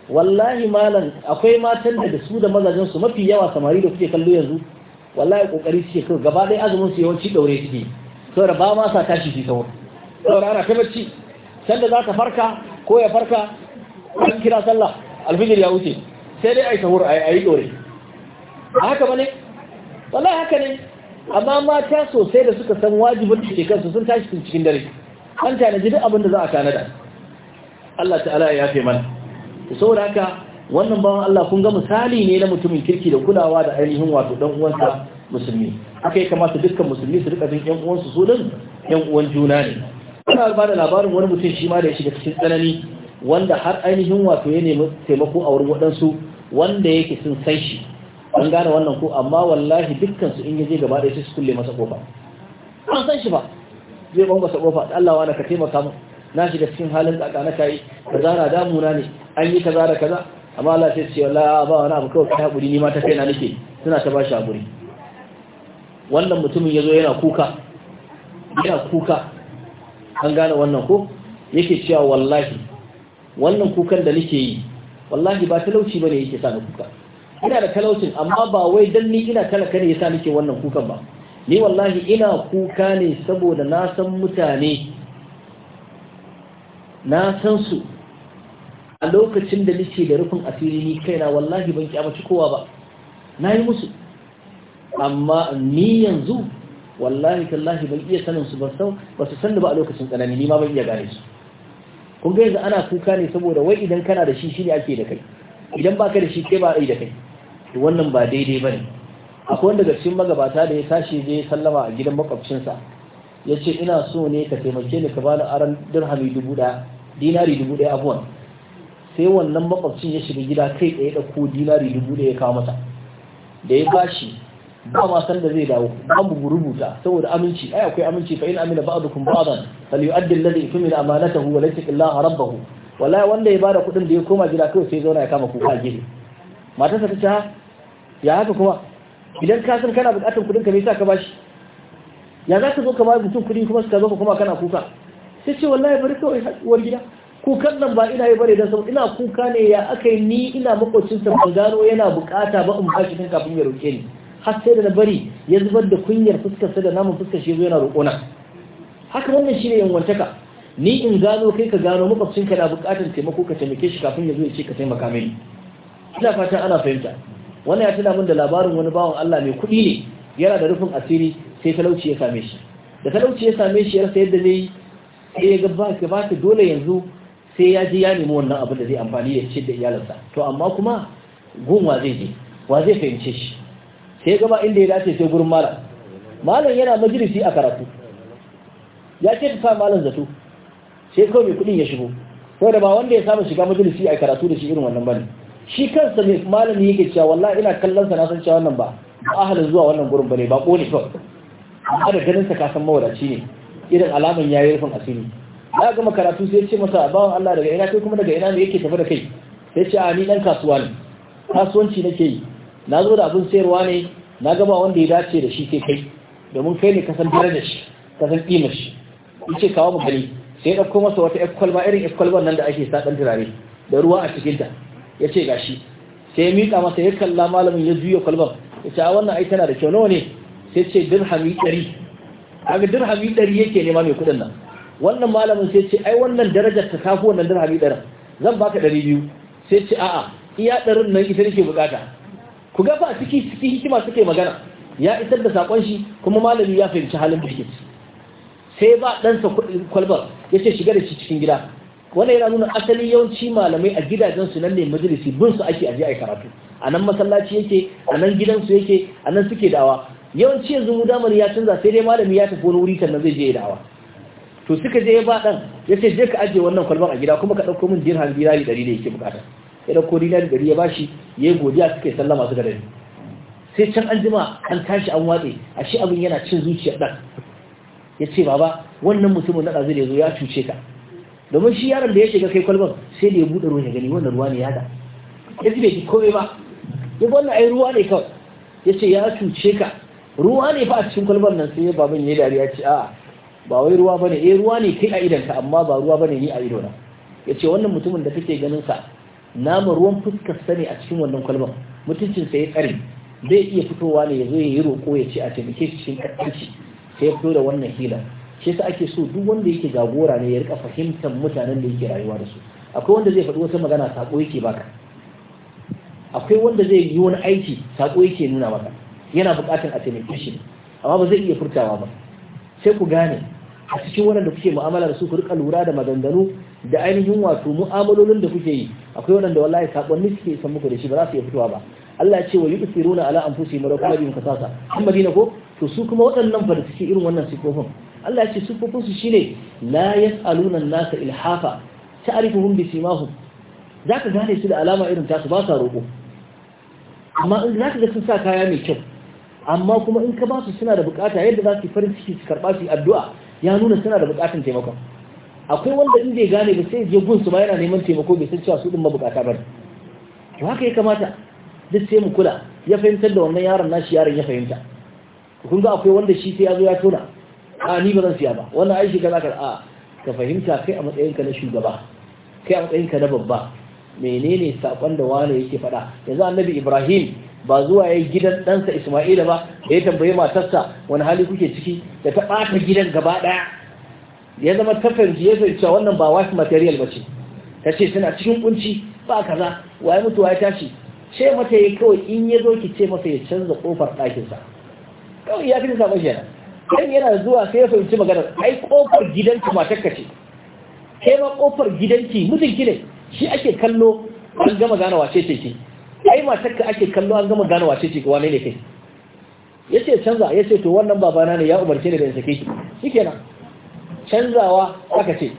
Speaker 1: wallahi malam akwai matan da da su da mazajen mafi yawa samari da kuke kallo yanzu wallahi kokari suke kawai gaba ɗaya azumin su yawanci daure suke saboda ba ma sa tashi su sauri saboda ana ta bacci sanda za ka farka ko ya farka an kira sallah alfijir ya wuce sai dai ai sahur ai yi dore haka bane wallahi haka ne amma mata sosai da suka san wajibin da ke kansu sun tashi cikin dare an tanaji duk abin da za a tanada Allah ta'ala ya yafe mana saboda haka wannan bawan Allah kun ga misali ne na mutumin kirki da kulawa da ainihin wato dan uwansa musulmi aka yi kamata dukkan musulmi su rika jin yan uwansu su din yan uwan juna ne ana ba da labarin wani mutum shi ma da ya shiga cikin tsanani wanda har ainihin wato ya nemi taimako a wurin waɗansu wanda yake sun san shi an gane wannan ko amma wallahi dukkan su in yaje gaba da su kulle masa kofa an san shi ba zai bango sa kofa Allah wa ka taimaka mu na shiga cikin halin tsaka na kai kaza na damuna ne an yi kaza da kaza amma Allah sai ce wala ba wani abu kawai kai hakuri ni ma ta kaina nake suna ta bashi hakuri wannan mutumin yazo yana kuka yana kuka an gane wannan ko yake cewa wallahi wannan kukan da nake yi wallahi ba talauci bane yake sa ni kuka ina da talaucin amma ba wai dan ni ina talaka ne yasa nake wannan kukan ba ni wallahi ina kuka ne saboda na san mutane na san su a lokacin da nake da rufin asiri ni kaina wallahi ban kyamaci kowa ba na yi musu amma ni yanzu wallahi tallahi ban iya sanin su ba sau ba su san ba a lokacin tsanani ni ma ban iya gane su kun ga yanzu ana kuka ne saboda wai idan kana da shi shine ake da kai idan baka da shi kai ba ai da kai to wannan ba daidai ba ne. akwai wanda daga cikin magabata da ya tashi zai sallama a gidan makwabcinsa ya ce ina so ne ka taimake ni ka bani aran dirhami dubu ɗaya dinari dubu ɗaya abuwan sai wannan makwabcin ya shiga gida kai tsaye ko dinari dubu ɗaya ya kawo mata. da ya bashi ba ma san da zai dawo ba mu rubuta saboda aminci ai akwai aminci fa in amina ba'dukum ba'dan yu'addi alladhi itumina amanatahu wa laysa illaha rabbahu wallahi wanda ya bada kuɗin da ya koma gida kai sai zauna ya kama kuka a gefe matarsa ta ce ya haka kuma idan ka san kana buƙatar kudin ka me yasa ka bashi ya za ka zo ka ba mutum kuɗi kuma ka zo kuma kana kuka sai ce wallahi bari kawai uwar gida kukan nan ba ina yi bane don sau ina kuka ne ya aka yi ni ina makwacinsa ban gano yana bukata ba in bashi kan kafin ya roƙe ni har sai da na bari ya zubar da kunyar fuskarsa da namun fuskar shi zo yana roƙona haka wannan shi ne yanwantaka ni in gano kai ka gano makwacinka na bukatar taimako ka taimake shi kafin ya zo ya ce ka taimaka mini ina fatan ana fahimta wannan ya tuna min da labarin wani bawan Allah mai kuɗi ne yana da rufin asiri sai talauci ya same shi da talauci ya same shi yarsa yadda zai sai ya ga ba ka dole yanzu sai ya je ya nemi wannan abin da zai amfani ya ce da iyalinsa to amma kuma gunwa zai je wa zai fahimce shi sai ya gaba inda ya dace sai gurin malam malam yana majalisi a karatu ya ce ta sa malam zato sai kawai mai kudin ya shigo sai da ba wanda ya saba shiga majalisi a karatu da shi irin wannan bane shi kansa mai malam yake cewa wallahi ina kallon sa na san cewa wannan ba ba ahalin zuwa wannan gurin bane ba ko ne kawai amma da ganin sa ka san mawadaci ne irin alaman yayin rufin asiri ya gama karatu sai ce masa bawan Allah daga ina kai kuma daga ina ne yake tafi da kai sai ce a ni dan kasuwa ne kasuwanci nake yi na zo da abin sayarwa ne na gaba wanda ya dace da shi sai kai domin kai ne kasan san da shi kasan kimar shi ce kawo mu gani sai ya ɗauko masa wata kwalba irin ekwalban nan da ake sa dan turare da ruwa a cikin ta ce gashi sai ya miƙa masa ya kalla malamin ya juya kwalban yace a wannan ai tana da kyau nawa ne sai ce dirhami 100 kaga dirhami ɗari yake nema mai kuɗin nan wannan malamin sai ce ai wannan darajar ta kafi wannan dirham ɗarin zan baka ɗari biyu sai ce a'a iya ɗarin nan ita nake bukata ku ga fa ciki ciki hikima suke magana ya isar da sakon shi kuma malami ya fahimci halin da yake sai ba ɗansa kwalbar ya ce shiga da shi cikin gida wannan yana nuna asali yawanci malamai a gidajen su nan ne majalisi bin su ake aje a karatu a nan masallaci yake a nan su yake a nan suke dawa yawanci yanzu mu zamani ya canza sai dai malami ya tafi wani wuri sannan zai je ya dawa to suka je ya ba dan ya ce je ka ajiye wannan kwalban a gida kuma ka ɗauko min dirham dinari ɗari da yake bukata ya ɗauko dinari ɗari ya bashi ya yi godiya suka yi sallama suka dare sai can anjima an tashi an watse a shi abin yana cin zuciyar ɗan ya ce baba wannan mutumin na ɗazu da ya zo ya cuce ka domin shi yaron da ya shiga kai kwalban sai da ya buɗe ruwan ya gani wannan ruwa ne ya da ya ji bai ji ba ya wannan ai ruwa ne kawai ya ce ya cuce ka ruwa ne fa a cikin kwalban nan sai baban ya dariya ce a'a ba wai ruwa bane eh ruwa ne kai a idonka amma ba ruwa bane ni a idona yace wannan mutumin da kake ganin sa nama ruwan fuskar sani a cikin wannan kwalban mutuncin sa ya kare zai iya fitowa ne yazo yi roko ya ce a taimake shi cikin kaddanci sai ya fito da wannan hila shi yasa ake so duk wanda yake jagora ne ya rika fahimtar mutanen da yake rayuwa da su akwai wanda zai faɗi wata magana sako yake baka akwai wanda zai yi wani aiki sako yake nuna maka yana buƙatar a taimake shi amma ba zai iya furtawa ba sai ku gane a cikin wadanda kuke mu'amala da su ku rika lura da maganganu da ainihin wato mu'amalolin da kuke yi akwai wadanda wallahi sakonni suke san muku da shi ba za su iya fitowa ba Allah ya ce wa yusiruna ala anfusihim wa kasasa an madina ko to su kuma waɗannan fa da suke irin wannan sifofin Allah ya ce sifofin su shine la yas'aluna an-nasa ilhafa ta'rifuhum bi simahum zaka gane su da alama irin tasu ba sa roƙo amma in zaka ga sun sa kaya mai kyau amma kuma in ka ba su suna da bukata yadda za su farin ciki su karɓa su addu'a ya nuna suna da bukatun taimako akwai wanda inda ya gane ba sai je gun su ba yana neman taimako bai san cewa su din mabukata ba to haka ya kamata duk sai mu kula ya fahimtar da wannan yaron nashi yaron ya fahimta kun ga akwai wanda shi sai ya zo ya tona a ni ba zan siya ba wannan aiki kaza ka a ka fahimta kai a matsayinka na shugaba kai a matsayinka na babba menene sakon da wani yake faɗa yanzu annabi ibrahim ba zuwa ya gidan ɗansa Ismaila ba da ya tambayi matarsa wani hali kuke ciki da ta ɓata gidan gaba ɗaya ya zama ta fahimci ya fahimci wannan ba wasu material ba ce ta ce suna cikin kunci ba kaza waye mutu ya tashi ce mata ya kawai in ya zo ki ce masa ya canza kofar ɗakinsa kawai ya fi nisa ba yana kan yana zuwa sai ya fahimci magana ai kofar gidanki matakka ce kai ma kofar gidanki mutunki ne shi ake kallo an gama gane wace ce ki ai matar ka ake kallo an gama gano wace ce wane ne kai ya ce canza ya ce to wannan babana ne ya umarce ni da in sake shi shi kenan canzawa aka ce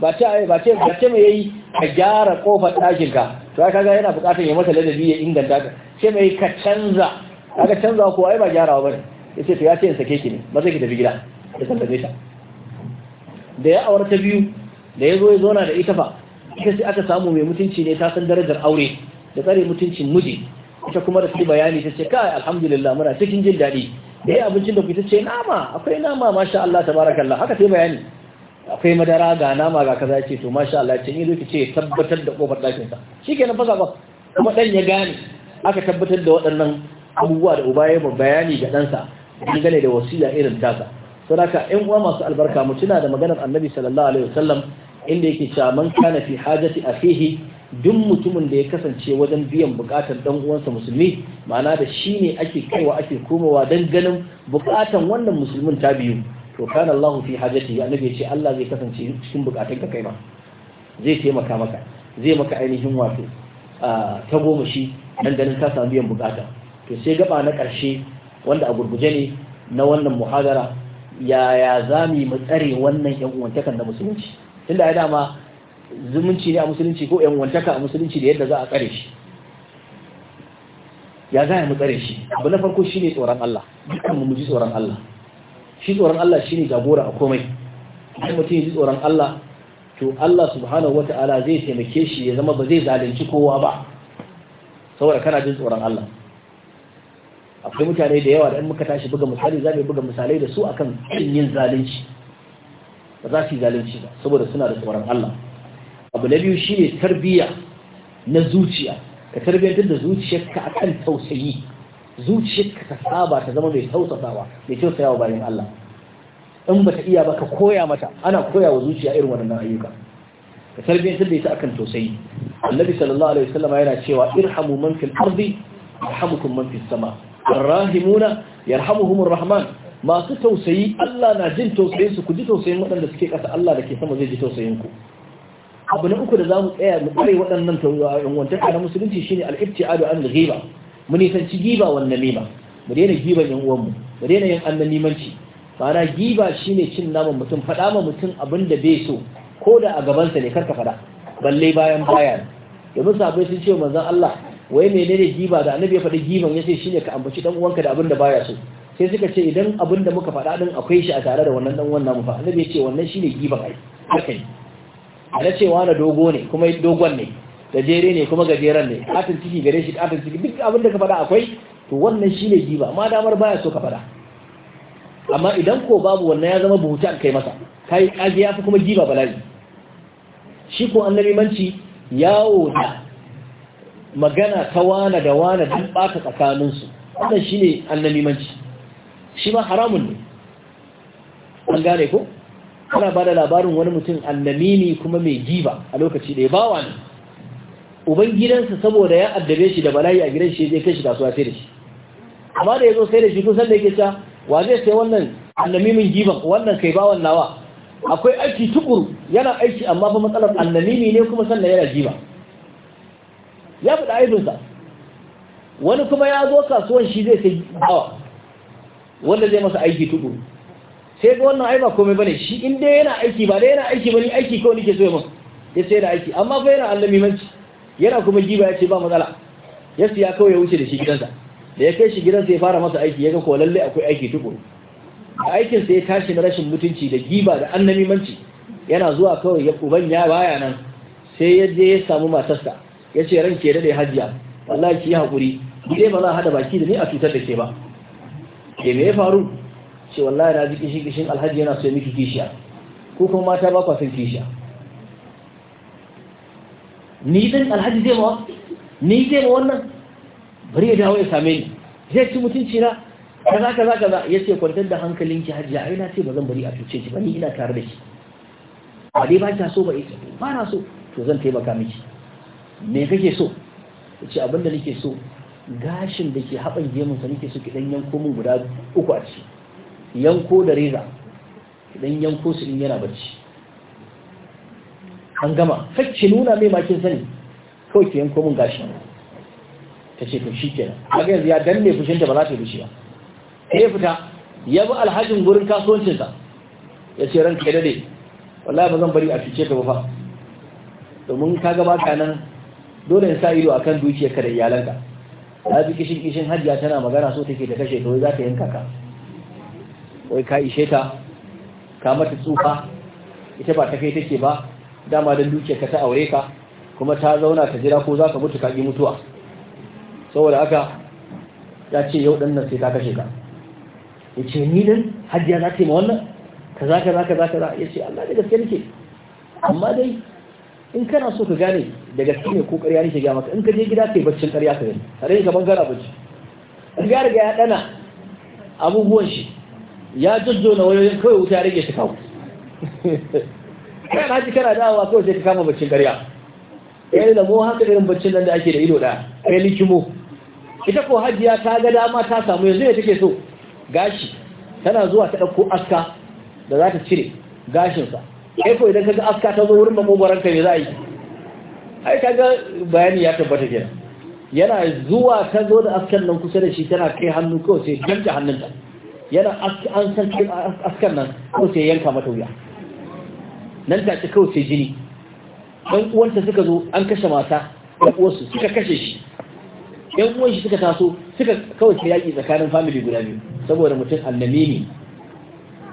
Speaker 1: ba ce ba ce ba ce mai yayi ka gyara kofar ɗakin ka to ka ga yana buƙatar ya masa ladabi ya inganta ka ce mai ka canza kaga canzawa ko ai ba gyarawa bane yace to ya ce in sake ki ne ba sai ki tafi gida ya sallame ta da ya aure ta biyu da ya zo ya na da ita fa sai aka samu mai mutunci ne ta san darajar aure da tsare mutuncin miji ita kuma da su bayani ta ce kai alhamdulillah muna cikin jin daɗi da ya abincin da ku ta ce nama akwai nama masha Allah tabarakallah haka sai bayani akwai madara ga nama ga kaza ce to masha Allah ce ni zo ce tabbatar da kofar ɗakin sa shikenan fasa ba kuma dan ya gane aka tabbatar da waɗannan abubuwa da uba ya bayani ga ɗansa gane da wasiya irin tasa saboda ka ƴan uwa masu albarka mu tuna da maganar Annabi sallallahu alaihi wasallam inda yake cewa man kana fi hajati akhihi duk mutumin da ya kasance wajen biyan bukatar dan uwansa musulmi ma'ana da shi ne ake kaiwa ake komawa dan ganin bukatan wannan musulmin ta biyu to kana Allahu fi hajati annabi ya ce Allah zai kasance cikin bukatun ka kai ma zai taimaka maka zai maka ainihin wato ta goma shi dan ganin ka samu biyan bukata to sai gaba na karshe wanda a gurguje ne na wannan muhadara yaya za mu yi mu tsare wannan yan uwantakan na musulunci tunda ya dama zumunci ne a musulunci ko yan wantaka a musulunci da yadda za a tsare shi ya za mu tsare shi abu na farko shi ne tsoron Allah dukkan mu ji tsoron Allah shi tsoron Allah shi ne jagora a komai idan mutum ya ji tsoron Allah to Allah subhanahu ta'ala zai taimake shi ya zama ba zai zalunci kowa ba saboda kana jin tsoron Allah akwai mutane da yawa da in muka tashi buga misali za mu buga misalai da su akan yin zalunci ba za su yi zalunci ba saboda suna da tsoron Allah abu na biyu shine tarbiyya na zuciya ka tarbiyyantar da zuciyarka akan tausayi zuciyarka ta saba ta zama mai tausasawa mai wa bayan Allah in bata iya ba ka koya mata ana koya wa zuciya irin waɗannan ayyuka ka tarbiyyantar da ita akan tausayi annabi sallallahu alaihi wasallam yana cewa irhamu man fil ardi yarhamukum man fis sama arrahimuna yarhamuhumur rahman masu tausayi Allah na jin tausayin su ku ji tausayin waɗanda suke ƙasa Allah da ke sama zai ji tausayin ku abu na uku da za mu tsaya mu tsare waɗannan wancan, na musulunci shine al adu an Giba. mu nisanci giba wa namima mu daina giba yan uwanmu mu daina yin nimanci ma'ana giba shine cin naman mutum faɗa ma mutum abin da bai so ko da a gabansa ne karka faɗa balle bayan baya domin sabai sun ce manzon Allah wai menene giba da annabi ya faɗi giban yace shine ka ambaci dan uwanka da abin da baya so sai suka ce idan abin da muka faɗa ɗin akwai shi a tare da wannan ɗan wannan mafa fa annabi ya ce wannan shi ne giban ai haka ne ana cewa na dogo ne kuma dogon ne gajere ne kuma gajeren ne katin ciki gare shi katin ciki duk abin da ka faɗa akwai to wannan shi ne giba amma damar baya so ka faɗa amma idan ko babu wannan ya zama buhuta kai masa kai kaji ya fi kuma giba bala'i shi ko annabi manci yawo da magana ta wana da wana duk ɓata tsakaninsu wannan shi shine annabi manci shi ma haramun ne an gane ko ana ba da labarin wani mutum annamimi kuma mai giba a lokaci ɗaya bawa ne uban gidansa saboda ya addabe shi da bala'i a gidan shi zai kai shi kasuwa sai da shi amma da ya zo sai da shi kusan da yake wa zai sai wannan annamimin giban wannan kai bawan nawa akwai aiki tukuru yana aiki amma fa matsalar annamimi ne kuma sannan yana giba ya faɗa aibinsa wani kuma ya zo kasuwan shi zai sai bawa wanda zai masa aiki tukuru sai ga wannan ai komai bane shi in dai yana aiki ba dai yana aiki bane aiki kawai nake so ya masa ya sai da aiki amma fa yana allami manci yana kuma giba ya ce ba matsala ya siya kawai ya wuce da shi gidansa da ya kai shi gidansa ya fara masa aiki ya ga kuwa lalle akwai aiki tukuru a aikin sa ya tashi na rashin mutunci da giba da annamimanci manci yana zuwa kawai ya uban ya baya nan sai ya je ya samu matarsa ya ce ranke da dai hajiya wallahi ki hakuri dai ba za a hada baki da ni a cutar da ke ba ke eh, me ya faru ce wallahi na ji kishi kishin alhaji yana so miki kishiya ko kuma mata ba kwa son kishiya ni din alhaji zai ma ni zai ma wannan bari ya dawo ya same ni zai ci mutunci na kaza kaza kaza yace kwantar da hankalinki hajji ai na ce ba zan bari a tuce ki ba ni ina tare da ki ba dai ba kya so ba ita ba na so to zan taimaka miki me kake so ce abinda da nake so gashin da ke haɓar gemunsa nake so ki dan yanko min guda uku a ci yanko da reza ɗan yanko su in yana bacci an gama fakki nuna mai makin sani kawai ki yanko min gashin ta ce ta shi kenan kaga yanzu ya danne ta ba za ta yi fushi ba yi fita ya bi alhajin gurin kasuwancinsa ya ce ranka ya dade wallahi ba zan bari a fice ka ba fa domin ka gaba ka nan dole in sa ido akan ka da iyalanka ta bi kishin kishin hajiya tana magana so take da kashe to za ta yanka ka wai ka ishe ta ka mata tsufa ita ba ta kai take ba dama dan dukiyar ka ta aure ka kuma ta zauna ta jira ko za ka mutu ka yi mutuwa saboda haka ya ce yau dan nan sai ta kashe ka ya ce ni dan hajiya za ta yi ma wannan ka kaza kaza kaza ya ce Allah da gaske nake amma dai in kana so ka gane da gaske ne ko ƙarya ne ke in ka je gida kai baccin ƙarya ka gani a rai gaban gara bacci in ga riga ya ɗana abubuwan shi ya jojjo na wayoyin kawai wuta rage shi kawo kana ji kana dawowa kawai sai ka kama baccin ƙarya yayin da mu haka irin baccin nan da ake da ido ɗaya kai likimo ita ko hajiya ta ga dama ta samu yanzu ne take so gashi tana zuwa ta ɗauko aska da za ta cire gashinsa kai ko idan kaga aska ta zo wurin makogoron ka ne za a yi ai kaga bayani ya tabbata kenan yana zuwa ta zo da askan nan kusa da shi tana kai hannu kawai sai yanka hannunta yana an san askan nan kawai sai yanka mata wuya nan ta ci kawai sai jini ɗan uwanta suka zo an kashe mata ɗan uwarsu suka kashe shi ɗan uwan shi suka taso suka kawai sai yaƙi tsakanin family guda biyu saboda mutum annabi ne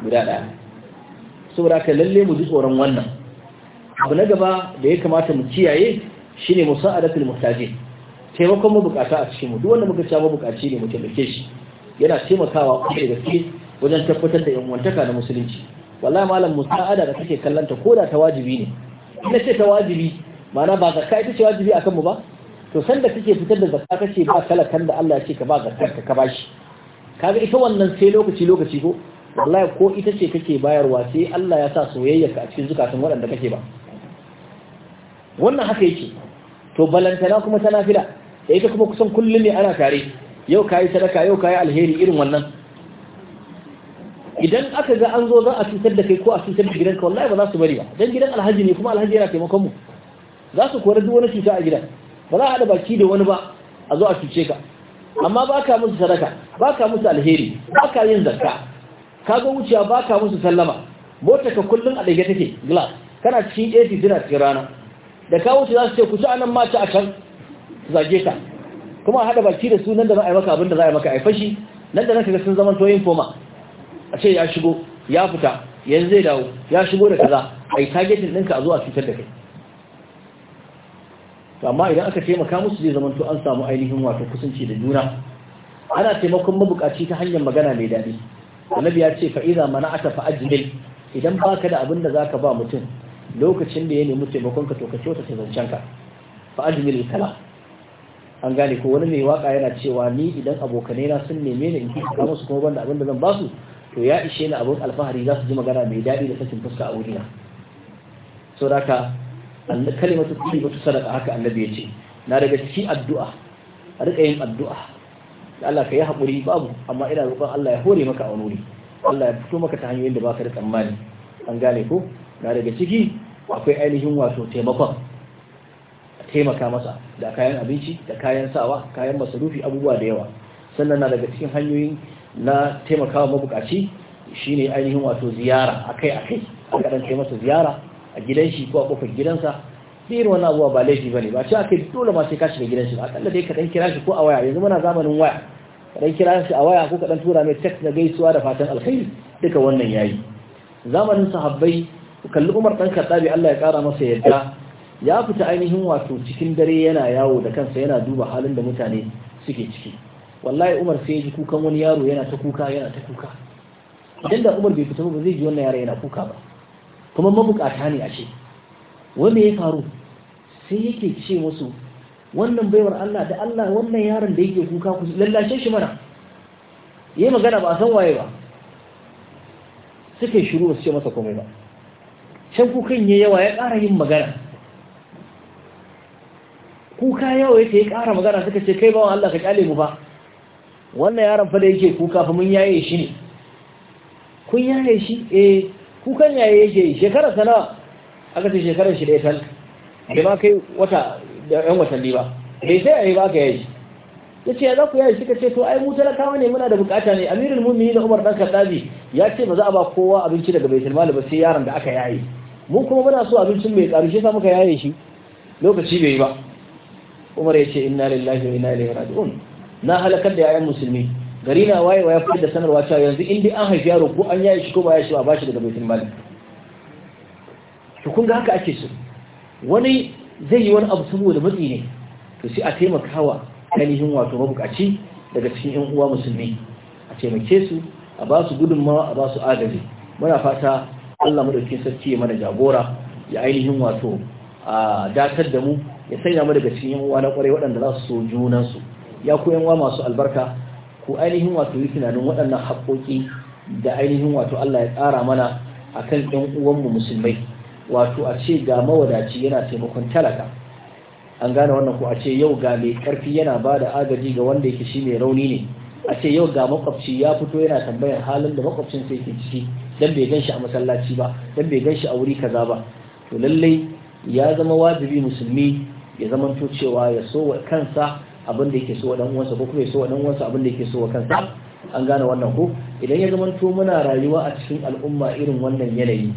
Speaker 1: guda ɗaya saboda ka lalle mu ji tsoron wannan abu na gaba da ya kamata mu kiyaye shine musa'adatul muhtajin taimakon mabukata a cikin mu duk wanda muka samu bukaci ne mu taimake shi yana taimakawa kwarai da gaske wajen tabbatar da yan wantaka na musulunci wallahi malam musa'ada da kake kallanta da ta wajibi ne ina ce ta wajibi ma'ana ba zakka ita ce wajibi akan mu ba to sanda kake fitar da zakka kace ba talakan da Allah ya ce ka ba zakka ka bashi. Ka kaga ita wannan sai lokaci lokaci ko wallahi ko ita ce kake bayarwa sai Allah ya sa soyayya ka a cikin zukatun waɗanda kake ba wannan haka yake to balantana kuma tana fida da ita kuma kusan kullum ne ana tare yau kayi sadaka yau kayi alheri irin wannan idan aka ga an zo za a cutar da kai ko a cutar da gidanka wallahi ba za su bari ba dan gidan alhaji ne kuma alhaji yana taimakon mu za su kore duk wani cuta a gidan ba za a haɗa baki da wani ba a zo a cuce ka amma ba ka musu sadaka ba ka musu alheri ba ka yin zakka Ka ga wuciya ba ka musu sallama mota ka kullum a ɗage take glass kana cikin ac dina cikin rana da ka wuce za su ce ku ci anan mata a can zage ka kuma a haɗa baki da su nan da za a yi maka abin da za a yi maka a fashi nan da nan kaga sun zaman toyin foma a ce ya shigo ya fita yanzu zai dawo ya shigo da kaza a yi targetin ɗinka a zuwa fitar da kai amma idan aka taimaka musu zai to an samu ainihin wato kusanci da juna ana taimakon mabukaci ta hanyar magana mai daɗi annabi ya ce fa'iza mana aka fa'ajmil idan baka da abin da ka ba mutum lokacin da ya nemi taimakon ka to ka cewa ta ka fa'ajmil kala an gane ko wani mai waka yana cewa ni idan abokanai na sun neme ni in ka musu kuma banda abin da zan su to ya ishe ni abin alfahari za su ji magana mai daɗi da sakin fuska a wurina so haka kalimatu tayyibatu sadaqa haka annabi ya ce na daga ciki addu'a a rika yin addu'a da Allah ka yi haƙuri babu amma ina roƙon Allah ya hore maka a wuri Allah ya fito maka ta hanyoyin da baka da tsammani an gane ko na daga ciki akwai ainihin wato taimakon a taimaka masa da kayan abinci da kayan sawa kayan masarufi abubuwa da yawa sannan na daga cikin hanyoyin na taimakawa mabukaci shine ainihin wato ziyara akai akai a kaɗan kai masa ziyara a gidan shi ko a kofar gidansa da irin wannan abuwa ba laifi ne ba ce aka yi dole ma sai ka shiga gidan shi ba akalla dai ka kira shi ko a waya yanzu muna zamanin waya ka kira shi a waya ko ka dan tura mai text na gaisuwa da fatan alkhairi duka wannan yayi zamanin sahabbai kalli Umar dan bi Allah ya kara masa yadda ya fita ainihin wato cikin dare yana yawo da kansa yana duba halin da mutane suke ciki wallahi Umar sai ya ji kukan wani yaro yana ta kuka yana ta kuka idan da Umar bai fita ba zai ji wannan yaro yana kuka ba kuma mabukata ne a ce wanda ya faru sai yake ce musu wannan baiwar Allah da Allah wannan yaron da yake kuka ku lallace shi mana yayi magana ba san waye ba suka yi shiru su ce masa komai ba can kukan ya yawa ya ƙara yin magana kuka yawa yake ya ƙara magana suka ce kai bawan Allah ka kyale mu ba wannan yaron fa da yake kuka fa mun yaye shi ne kun yaye shi eh kukan yaye yake shekara sana'a. aka ce shekarar shi da ya bai ma kai wata da yan watanni ba bai sai a yi ba ka yaji ya ce ya za ku yaji suka ce to ai mu talakawa ne muna da bukata ne amirin mumini na umar dan kaddabi ya ce ba za a ba kowa abinci daga bai mali ba sai yaron da aka yaye mu kuma muna so abincin mai tsaro shi sa muka yaye shi lokaci bai yi ba umar ya ce inna lillahi wa inna ilaihi raji'un na halakar da yayan musulmi gari na waye waye fitar da sanarwa cewa yanzu in dai an haifi yaro ko an yaye shi ko ba ya shi ba shi daga bai mali to kun ga haka ake so wani zai yi wani abu saboda matsi ne to sai a taimaka taimakawa ainihin wato mabukaci daga cikin yan uwa musulmi a taimake su a ba su gudunmawa a ba su agaji muna fata Allah madaukin sarki ya mana jagora ya ainihin wato a datar da mu ya sanya mu daga cikin yan uwa na kwarai waɗanda za su so junan su ya ku yan uwa masu albarka ku ainihin wato yi tunanin waɗannan haƙoƙi da ainihin wato Allah ya tsara mana akan yan uwanmu musulmai wato a ce ga mawadaci yana taimakon talaka an gane wannan ko a ce yau ga mai karfi yana ba da agaji ga wanda yake shi mai rauni ne a ce yau ga makwabci ya fito yana tambayar halin da makwabcin sai ke ciki dan bai ganshi a masallaci ba dan bai ganshi a wuri kaza ba to lallai ya zama wajibi musulmi ya zama to cewa ya so wa kansa abin da yake so wa dan uwansa ko kuma ya so wa dan uwansa abin da yake so wa kansa an gane wannan ko idan ya zama to muna rayuwa a cikin al'umma irin wannan yanayi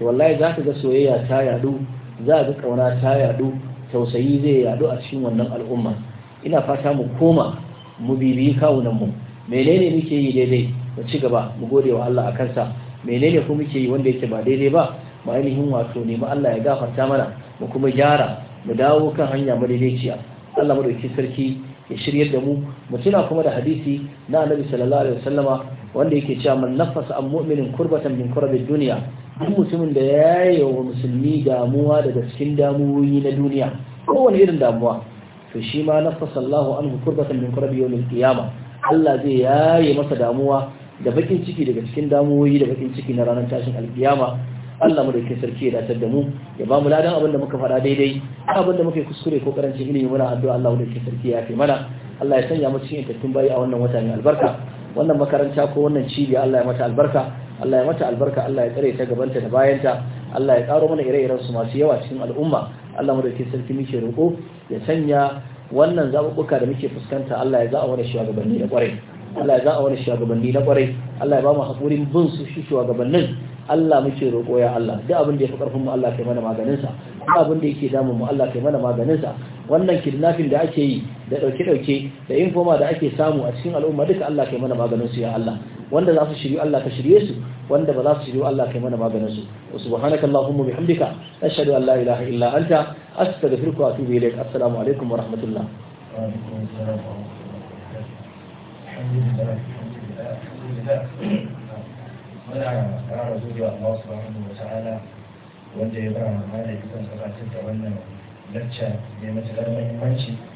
Speaker 1: to wallahi za ka ga soyayya ta yadu za ka ga ƙauna ta yadu tausayi zai yadu a cikin wannan al'umma ina fata mu koma mu bibiyi kawunan mu menene muke yi daidai mu ci gaba mu gode wa Allah a kansa menene ku muke yi wanda yake ba daidai ba mu ainihin wato nemi Allah ya gafarta mana mu kuma gyara mu dawo kan hanya madaidaiciya Allah madauki sarki ya shiryar da mu mu tuna kuma da hadisi na annabi sallallahu alaihi wanda yake cewa man nafasa an mu'minin kurbatan min kurabi duniya duk mutumin da ya yi wa musulmi damuwa daga cikin damuwoyi na duniya kowane irin damuwa to shi ma nafasa an anhu kurbatan min kurabi yawmin qiyama Allah zai yaye masa damuwa da bakin ciki daga cikin damuwoyi da bakin ciki na ranar tashin alkiyama Allah mu da ke sarki ya datar da mu ya ba mu ladan abin da muka faɗa daidai abin da muka kuskure ko karancin ilimi muna addu'a Allah mu da ke sarki ya fi mana Allah ya sanya mu cikin tattun bayi a wannan wata mai albarka wannan makaranta ko wannan cibiya Allah ya mata albarka Allah ya mata albarka Allah ya tsare ta gabanta da bayanta Allah ya karo mana ire-iren su masu yawa cikin al'umma Allah mu da ke sarki muke roƙo ya sanya wannan zaɓuɓɓuka da muke fuskanta Allah ya a wani shugabanni da ƙwarai Allah ya a wani shugabanni na ƙwarai Allah ya ba mu haƙurin bin su shugabannin Allah muke roƙo ya Allah duk abin da ya fi ƙarfin mu Allah kai mana maganin sa duk abin da yake damun mu Allah kai mana maganin sa wannan kidnapping da ake yi da dauke dauke da informa da ake samu a cikin al'umma duka Allah kai mana maganin su ya Allah wanda za su shiryu Allah ka shirye su wanda ba za su shiryu Allah kai mana maganin su subhanaka allahumma bihamdika ashhadu an la ilaha illa anta astaghfiruka wa atubu ilaik assalamu alaikum wa rahmatullah wa alaikum wa muna kara zuwa Allah subhanahu wa ta'ala wanda ya ba mana da ikon gabatar da wannan lacca mai matuƙar muhimmanci